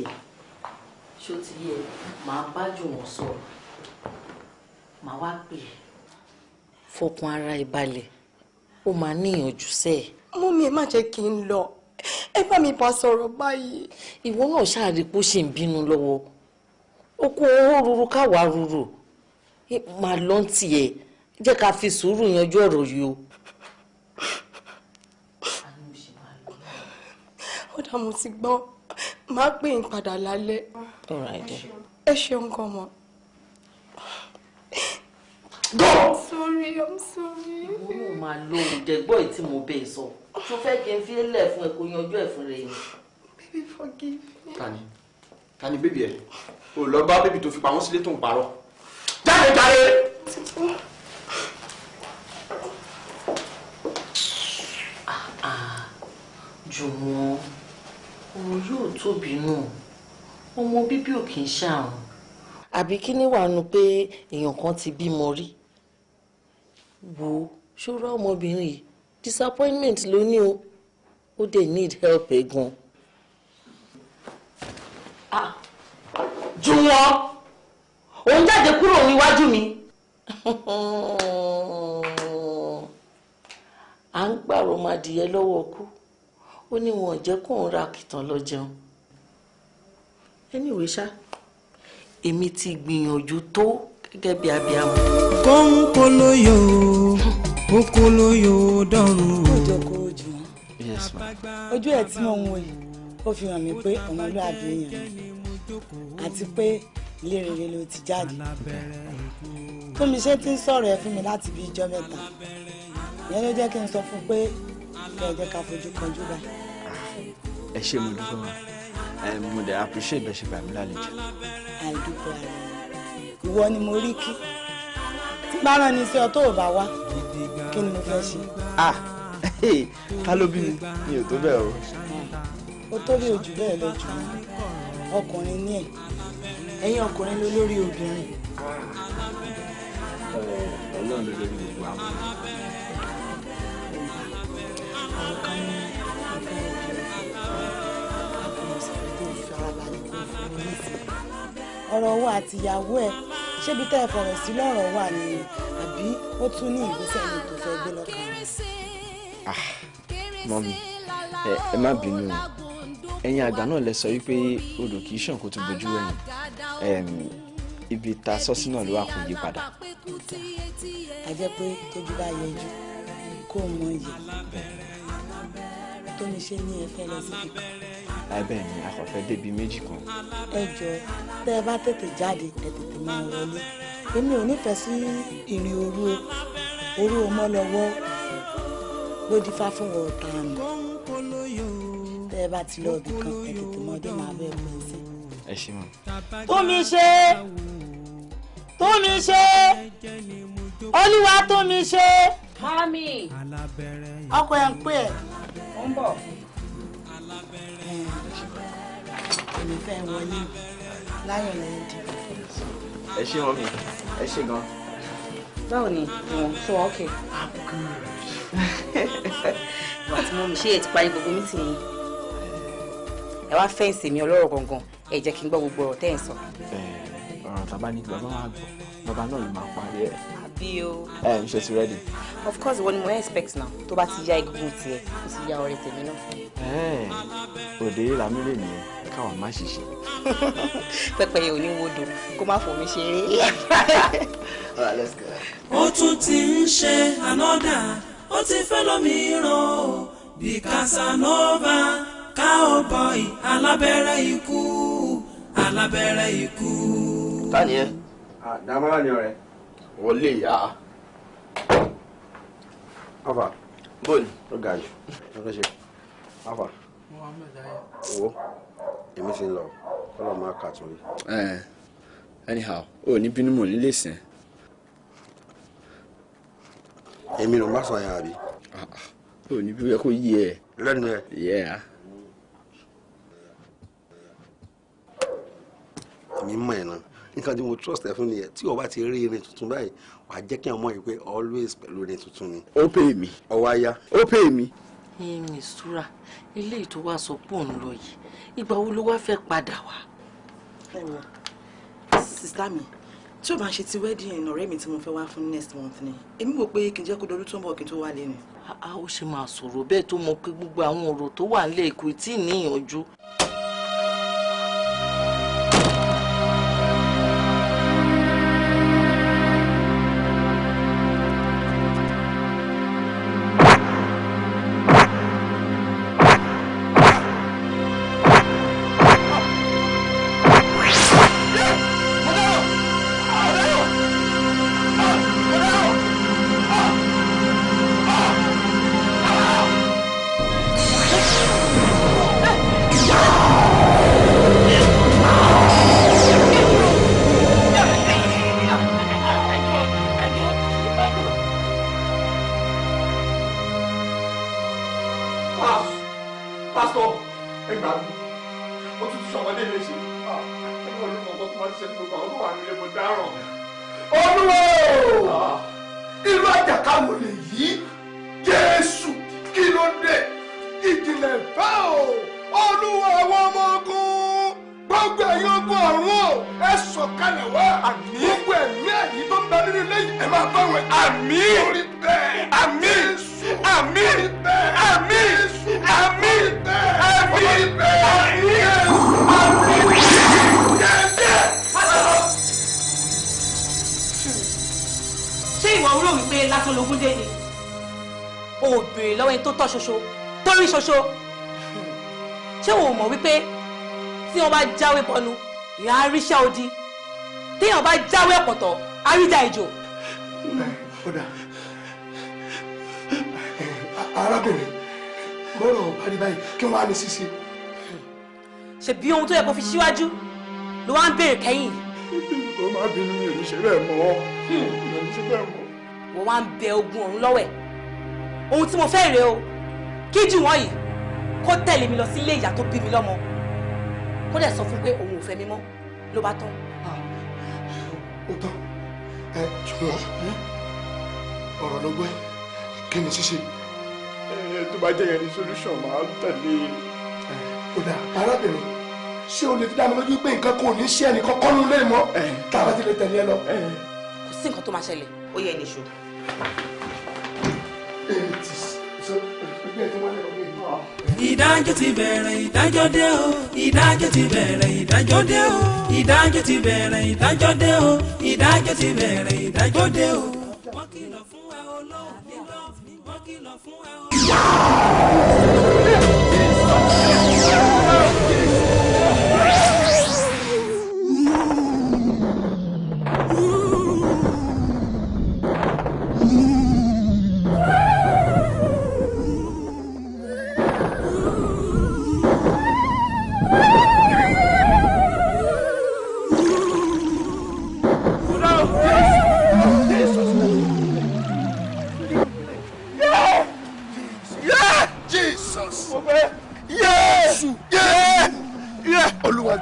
ṣó ti yẹ màá bá jùwọ̀n sọ̀rọ̀ màá wá pè é. fọkàn ara ẹ balẹ̀ ó máa níyànjú sẹ́ẹ̀. mummy ẹ má jẹ́ kí n lọ ẹ bá mi bá sọ̀rọ̀ báyìí. ìwọ náà ṣáàrí pé ó ṣì ń bínú lọ́wọ́ ó kó owó ruru káwa ruru máa lọ́n tiẹ̀ jẹ́ ká fi sùúrù yanjú ọ̀rọ̀ yìí o. ó dá mo ti máa pè ń padà lálẹ́. ẹ ṣeun gan mọ́. sorry i'm sorry. ìwọ náà máa lo ìjẹgbọ́ ẹ̀ tí mo bẹ́ẹ̀ sọ tó fẹ́ kí n fi lẹ̀ fún ẹ kó yanjú ẹ̀ fún rẹ ni. baby forgive me. tani tani bébì ẹ o lọ bá bébì tó fi pa wọn sílé tó ń parọ́ jáde jáde. Ah, ah. jùmọ̀ ọ̀rọ̀ yóò tóbi náà ọmọ bíbí ò kì í ṣàrùn àbí kí ni wàá nu pé èèyàn kan ti bímọ rí wo ṣọ́ra ọmọbìnrin yìí disappointment ló ní o ó dẹ̀ need help ẹ̀ gan. jùwọ́n òun jáde kúrò níwájú mi. à ń gbàrò máa dìyẹ lọ́wọ́ kú ó ní wọn ò jẹ́ kóun ra kìtàn lọ jẹun. anyway ṣá èmi ti gbìyànjú tó. Anyway, gẹ́gẹ́ bí abiyamọ. kónkólóyò kónkólóyò dọ̀rùn. kóòjọ kóòjọ ojú ẹ̀ tí mo ń wò ó fi hàn mí pé ọmọlúwàbí yẹn àti pé ilé rere ló ti jáde fún ṣé tí ń sọ̀rọ̀ ẹ fún mi láti bí ijọ́ mẹ́ta ìyẹn ló jẹ́ kí n sọ fún pé ẹ jẹ́ ká fojú kanjú bá. ẹ ṣé mo dúpẹ́ mo dẹ̀ appreciate bẹ́ẹ̀ ṣe gbà lálejò. àìdúpẹ́ ara ìwọ ni mo rí kí tí bá rán ni sí ọ tó ò bá wá kí ni mo fẹ́ ṣe. ta ló bí mi mi ò tó bẹ́ẹ̀ o. ó tó bí ojú bẹ́ẹ̀ lọ jù ọkùnrin ní ẹ̀ ẹ̀yin ọkùnrin ló lórí obìnrin. ọ̀rọ̀ owó àtìyàwó ẹ̀ ṣébi tẹ́ ẹ fọ̀rọ̀ sí lọ́rọ̀ wà ní àbí ó tún ní ìgbésẹ̀ mi tó fẹ́ gbé lọ́kàn rẹ̀. Ah, mọ́mi ẹ má bínú o ẹ̀yin àgbà náà lẹ sọ wípé odò kì í ṣàn kó tó bojú ẹ̀yìn ibi ta sọ́sí náà ló wà kó yí padà. a jẹ́ pé tójú bá yẹjú kó mọ iyì tó ní ṣe ní ẹ fẹ́ lọ sí kíkọ́ lábẹ́ ah, ni a kò fẹ́ débi méjì kan. ẹ jọ tẹ ẹ bá tètè jáde ẹ tètè máa wọlé èmi ò nífẹ̀ẹ́ sí ìrìn òru òru ọmọ lọ́wọ́ ló dífá fún ọ̀tá mi tẹ ẹ bá ti lọ ibì kan ẹ tètè mọ ọdún máa bẹ́ẹ̀ pín sí. ẹ ṣe mọ. tómi ṣe tómi ṣe olúwa tómi ṣe. mami ọkọ ẹ ń pè ẹ. ó ń bọ̀ èmi fẹ́ wọlé láyọ̀ lẹ́yìn dìbò. ẹ ṣe wọn mi ẹ ṣe gan. báwo ni wọn ṣe wọn ọkẹ. ìwà tí mo mi ṣe é ti parí gbogbo mítìn yìí ẹ wá fẹ́ǹsì mi ọlọ́rọ̀ gangan ẹ jẹ́ kí n gbọ́ gbogbo ọ̀rọ̀ tẹ́ ẹ̀ sọ. ọ̀rọ̀ tàbá ní bàbá máa gbọ́ bàbá náà ló máa parí ẹ̀ bí o. ẹ n ṣe ti ready. of course wọ́n ni mo expect now tó bá ti ya egungun tiẹ̀ ó ti ya ọ̀rẹ́ tèmi náà. òde làmì lè nìyẹn káwọn má ṣiṣẹ́. pẹpẹyẹ ò ní wodò kó má fò mí ṣeré. ó tún ti ń ṣe ànọ́dà ó ti fẹ́ lómìíràn o bí Casanova cowboy alábẹ́rẹ́ ikú alábẹ́rẹ́ ikú. ta ni ẹ. àdámọ́lá ah, ni ọ̀rẹ́ wọlé yá. afa. bóòlù. ó ga jù ọkọ ṣe afa. wo èmi ti ń lọ kọlọ máa kà tó rí. anyhow o ní bínú mò ní lè sìn. èmi ló ń bá sọ yẹn àbí. Ah, ah. o ní bí ó yẹ kó yí ẹ. lẹ́nu ẹ. yeah. èmi mọ̀ ẹ̀ náà nǹkan tí mo trust ẹ fún nìyẹn tí o bá ti rí irin tuntun báyìí wà á jẹ́ kí ọmọ yìí pé always pẹ̀lú irin tuntun ni. ó pè mí. ọwọ́ aya. ó pè mí. ẹ̀yin ìṣúra ilé ètò wa sọ pé òun lọ yìí ìgbà wo ló wá fẹ́ padà wá. sista mi tí o bá ń ṣe ti wedding ẹ̀ ọ̀rẹ́ mi tí mo fẹ́ wá fún next month ni èmi wò pé kí n jẹ́ kó dolú tó ń bọ̀ kí n tó wá lé ni. a ó ṣe máa sọ̀rọ̀ bẹ́ẹ̀ tó mọ pé gbogbo àwọn ọ̀rọ̀ tó wà nílẹ̀ kò tí já odi téèyàn bá jáwé ọ̀pọ̀tọ̀ àríjà ìjò. kódà arábìnrin bọ́rọ̀ ò bá rí báyìí kí wọ́n á ní sísè. ṣebí ohun tó yẹ kó fi síwájú ló wá ń béèrè kẹ́yìn. ó má bínú mi ò ní ṣe bẹ́ẹ̀ mọ́ ọ́ hmm. mi ò ní ṣe bẹ́ẹ̀ mọ́. wọ́n wá ń bẹ ogun ọ̀run lọ́wẹ̀ ohun tí mo fẹ́ rèé o kí jù wọ́n yìí kó tẹ̀lé mi lọ sí ìyá tó bí mi lọ́mọ kó dẹ̀ sọ fún pé òun ò fẹ́ mi mọ́ ló bá tán. Ah, ó tu ẹ ṣùgbọ́n ọ̀rọ̀ ló gbẹ́ kí ni ṣíṣe. tó bá jẹ́ yẹn ní solution máa ń tẹ̀lé. E. ó dà arábìnrin ṣé o lè fi dáná lójú pé nǹkan kò ní ṣe ẹnì kọ́kọ́ nínú lè mọ́ tá a bá ti lè tẹ̀lé ẹ lọ. kò sí nǹkan tó máa ṣẹlẹ̀ ó yẹ ẹnì ṣo ìdájọ́ ti bẹ̀rẹ̀ ìdájọ́ dé o ìdájọ́ ti bẹ̀rẹ̀ ìdájọ́ dé o ìdájọ́ ti bẹ̀rẹ̀ ìdájọ́ dé o ìdájọ́ ti bẹ̀rẹ̀ ìdájọ́ dé o. wọ́n kìlọ̀ fún ẹ olóògbé lọ́ọ̀fù wọ́n kìlọ̀ fún ẹ olóògbé.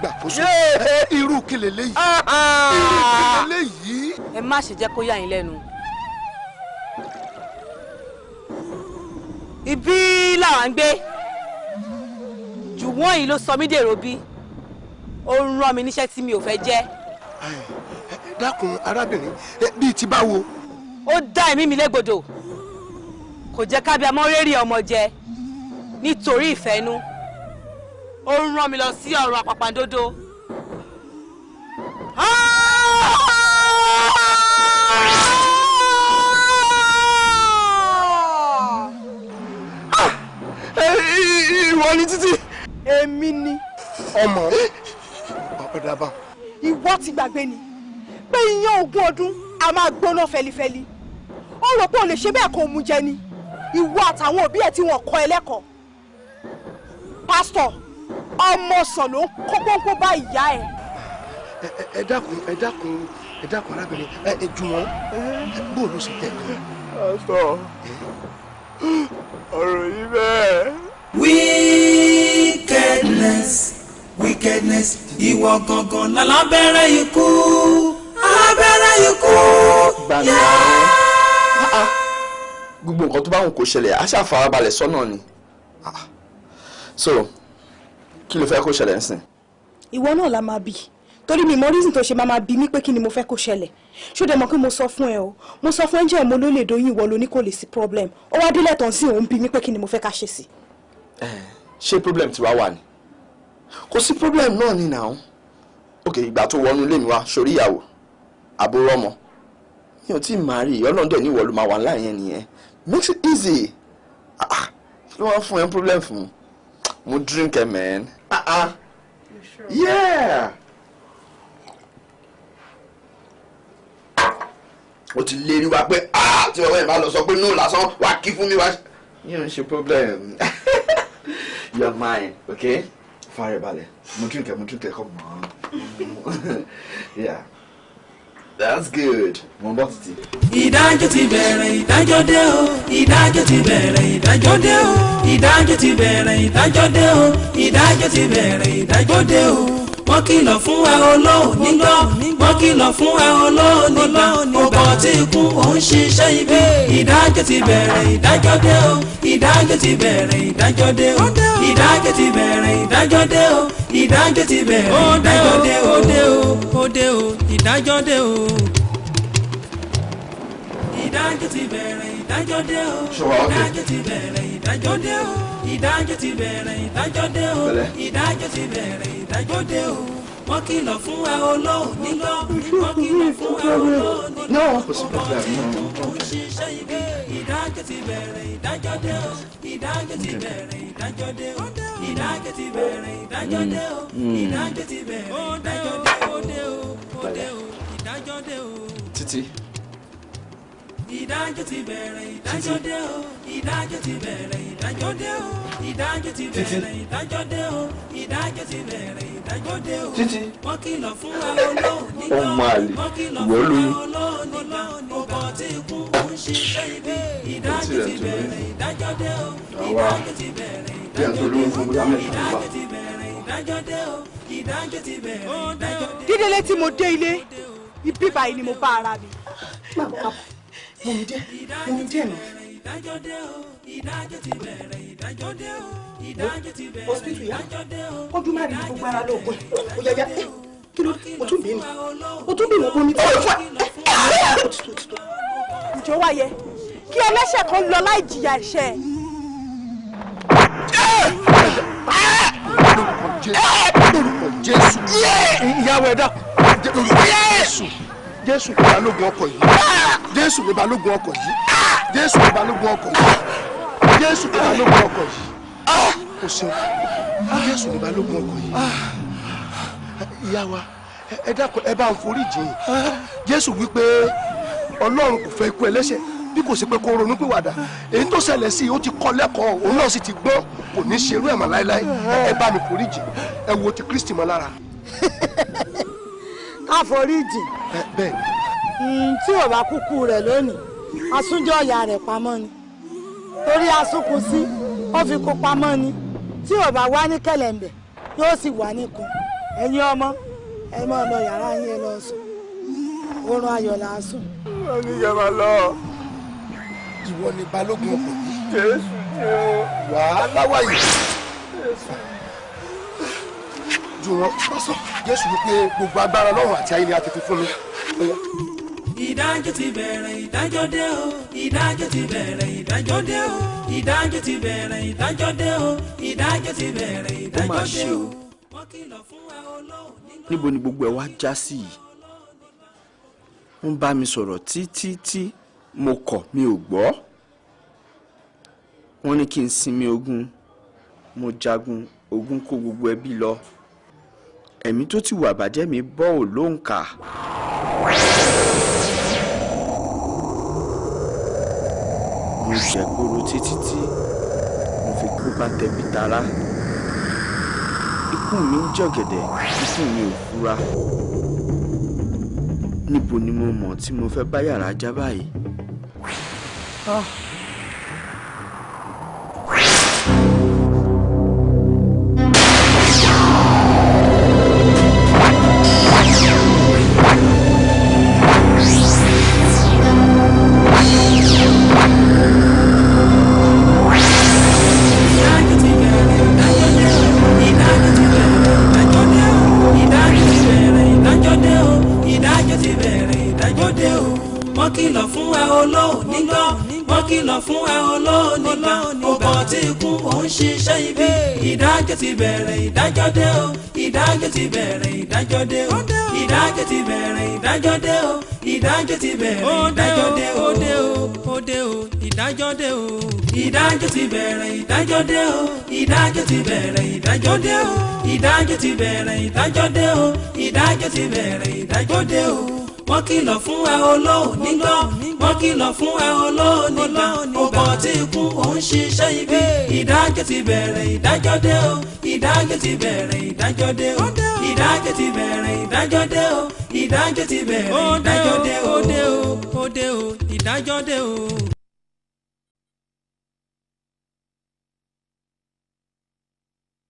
gbàkóso irú kí leléyìí ah, ah! irú kí leléyìí. ẹ má ṣe jẹ́ kó yà yín lẹ́nu. ibi làwọn ń gbé jùwọ́n yìí ló sọ mí dèrò bí ó ń rán mi níṣẹ́ tí mi ò fẹ́ jẹ́. dákun arábìnrin bíi ti báwo. ó dá ẹ̀mí mi légbodò kò jẹ́ kábíyàmọ́ rẹ́rìn ọmọ jẹ nítorí ìfẹ́ nú. No ó ń rán mi lọ sí ọ̀run àpàpàǹdodo. ìwọ ni títí. èmi ni. ọmọ ọ̀dàbà. ìwọ ti gbàgbé ni pé iyán ogún ọdún a máa gbóná fẹlifẹli ó rò pé o lè ṣe bẹ́ẹ̀ kó o mú jẹ ni ìwọ àtàwọn òbí ẹ̀ tí wọ́n kọ́ ẹ lẹ́kọ̀ọ́ pásítọ̀ ọmọ sàn ló ń kó gbóngbó bá ìyá ẹ. ẹ dákun ẹ dákun ẹ dákun arábìnrin ẹ jùmọ̀ bóun ló ṣe tẹ̀ tó. yìí bẹ́ẹ̀. wickedness wickedness ìwọ gangan lálábẹ́rẹ́ ikú abẹ́rẹ́ ikú yá. Ah, ah. gbogbo nǹkan tó bá wọn kò ṣẹlẹ̀ a farabalẹ̀ sọ́nà ni ah, so kí ló fẹ́ kó ṣẹlẹ̀ ńsìn. ìwọ náà la máa bì torí mi mọ reason tó ṣe máa máa bi mí pé kí ni mo fẹ́ kó ṣẹlẹ̀ ṣó dẹ̀ mọ̀ pé mo sọ fún ẹ o mo sọ fún ẹ jẹ́ mo ló lè doyún ìwọ lóní kò lè sí problem ó wá délẹ̀ tán sí òun bi mí pé kí ni mo fẹ́ ká ṣe sí. ṣé problem ti wá wà ni kò sí problem náà ni now ok ìgbà tó wọnú ilé mi wá sórí ìyàwó àbúrò ọmọ mi ò tí ì máa rí i ọlọ́run dẹ̀ ní ìwọ ló máa wà láàyè nìyẹn makes it easy ah, ah kí ló wá fún ẹ problem fún mu drink it, man. Uh uh. You sure? Yeah. o ti lérí wa pé ah tí bàbá yẹn bá lọ sọ pé no lásán wà kí fún mi wá. yín ṣe problem your mind okay farabalẹ̀ mo drink ẹ̀ mo drink ẹ̀ kọ́ mọ́ yeah that's good mo bọ́ títì. ìdájọ́ ti bẹ̀rẹ̀ ìdájọ́ dé o ìdájọ́ ti bẹ̀rẹ̀ ìdájọ́ dé o ìdájọ́ ti bẹ̀rẹ̀ ìdájọ́ dé o ìdájọ́ ti bẹ̀rẹ̀ ìdájọ́ dé o wọ́n kìlọ̀ fún wa olóò nígbà wọ́n kìlọ̀ fún wa olóò nígbà ọkọ̀ tí ikú òun ṣiṣẹ́ ibi ìdájọ́ ti bẹ̀rẹ̀ ìdájọ́ dé o ìdájọ́ ti bẹ̀rẹ̀ ìdájọ́ dé o ìdájọ́ ti bẹ̀rẹ̀ ìdájọ́ dé o ìdájọ́ ti bẹ̀rẹ̀ ìdájọ́ dé o. ó dé o ó dé o ìdájọ́ dé o. ìdájọ́ ti bẹ̀rẹ̀ ìdájọ́ dé o. ìdájọ́ ti bẹ̀rẹ̀ ìdájọ́ dé o. ìdájọ́ ti bẹ̀rẹ̀ ìdájọ́ dé o. ìdájọ́ ti bẹ̀rẹ̀ ìdájọ́ dé o wọ́n kìlọ̀ fún ẹ olóò nílò wọ́n kìlọ̀ fún ẹ olóò nílò kò ṣiṣẹ́ ibi ìdájọ́ ti bẹ̀rẹ̀ ìdájọ́ dé o ìdájọ́ ti bẹ̀rẹ̀ ìdájọ́ dé o ìdájọ́ ti bẹ̀rẹ̀ ìdájọ́ dé o mm. Mm. ìdájọ́ ti bẹ̀rẹ̀ ìdájọ́ dé o dé o ìdájọ́ dé o ìdájọ́ ti bẹ̀rẹ̀ ìdájọ́ dé o ìdájọ́ ti bẹ̀rẹ̀ ìdájọ́ dé o ìdájọ́ ti bẹ̀rẹ̀ ìdájọ́ dé o ìdájọ́ ti bẹ̀rẹ̀ ìdájọ́ dé o. wọ́n kìlọ̀ fún wa olóòníkọ́ wọ́n kìlọ̀ fún wa olóòníkọ́ ọkọ̀ tí kú ń ṣiṣẹ́ ibi ìdájọ́ ìdájọ́ ti bẹ̀rẹ̀ ìdájọ́ dé o ìdájọ́ ti bẹ̀rẹ̀ ìdájọ́ dé o ìdájọ́ ti bẹ̀rẹ̀ ìdájọ́ dé o. dídélé tí mo dé ilé ibi báyìí ni mo bá ara mi omi díẹ̀ omi díẹ̀ nù. ìdájọ́ dé o ìdájọ́ ti bẹ̀rẹ̀ ìdájọ́ dé o ìdájọ́ ti bẹ̀rẹ̀ hospital yá ó dún máa rí gbogbo ara lóògùn ó yẹ yá kí ló dé o tún bínú o tún bínú omi tó yẹ fún ẹ. ìjọ wáyé kí ẹlẹ́ṣẹ̀ kan lọ láì jìyà ẹ̀ṣẹ̀ ẹ̀. lórúkọ jésù lórúkọ jésù ìyàwó ẹ̀dá lórúkọ jésù jésù ni balógun ọkọ̀ yìí jésù ni balógun ọkọ̀ yìí jésù ni balógun ọkọ̀ yìí jésù ni balógun ọkọ̀ yìí kò ṣeun jésù ni balógun ọkọ̀ yìí ìyá wa ẹ dákun ẹ bá ń forí jìn jésù wípé ọlọ́run kò fẹ́ ikú ẹlẹ́ṣẹ̀ bí kò sí pé kó ronú pìwàdà èyí tó ṣẹlẹ̀ sí i ó ti kọ́ lẹ́kọ̀ọ́ òun náà sì ti gbọ́ kò ní ṣerú ẹ̀ mọ́ láéláé ẹ bá mi forí jìn ẹ wo ti kristi mọ́ lára. àforíjì hmm, tí ò bá kúkú rẹ̀ lónìí asúnjọ́ ọ̀yà rẹ̀ pamọ́ ni torí asúnkun sí ó fi kó pamọ́ ni tí ò bá wá ní kẹlẹ̀mbẹ̀ yóò sì wà nìkan ẹ̀yin ọmọ ẹ máa lọ yàrá yín ẹ lọ sùn oorun ayọ̀ là á sùn. wọ́n ní yẹn máa lọ. ìwọ ni balógun ọkọ̀ yìí. wàhálà wáyé ojú wọn jésù wípé gbogbo agbára ọlọ́run àti ayé ni a ti fi fún mi. ìdájọ́ ti bẹ̀rẹ̀ ìdájọ́ dé o ìdájọ́ ti bẹ̀rẹ̀ ìdájọ́ dé o ìdájọ́ ti bẹ̀rẹ̀ ìdájọ́ dé o ìdájọ́ ti bẹ̀rẹ̀ ìdájọ́ dé o wọ́n kìlọ̀ fún ẹ olóhùn. níbo ni gbogbo ẹ wá já sí yìí ń bá mi sọ̀rọ̀ títí tí mo kọ̀ mi ò gbọ́ wọ́n ní kí n sinmi ogun mo jagun ogun kó gbogbo ẹbí lọ ẹ̀mí tó ti wà bàjẹ́ mi bọ́ ò lóǹkà. mo ṣègboro títí tí mo fi kú bá tẹbí tará ikú mi ń jọ̀gẹ̀dẹ̀ ikú mi ò fura níbo ni mo mọ̀ tí mo fẹ́ bá yàrá já báyìí. Ah. ti bẹ̀rẹ̀ ìdájọ́ dé o. Òde o, òde o, ìdájọ́ dé o. Ìdájọ́ ti bẹ̀rẹ̀ ìdájọ́ dé o. Ìdájọ́ ti bẹ̀rẹ̀ ìdájọ́ dé o. Ìdájọ́ ti bẹ̀rẹ̀ ìdájọ́ dé o. Ìdájọ́ ti bẹ̀rẹ̀ ìdájọ́ dé o wọ́n kìlọ̀ fún ẹ olóòní gbọ́ wọ́n kìlọ̀ fún ẹ olóòní gbà ọkọ̀ tí ikú ò ṣiṣẹ́ ibi ìdájọ́ ti bẹ̀rẹ̀ ìdájọ́ dé o ìdájọ́ ti bẹ̀rẹ̀ ìdájọ́ dé o ìdájọ́ ti bẹ̀rẹ̀ ìdájọ́ dé o ìdájọ́ ti bẹ̀rẹ̀ ìdájọ́ dé o. ó dé o ó dé o ìdájọ́ dé o.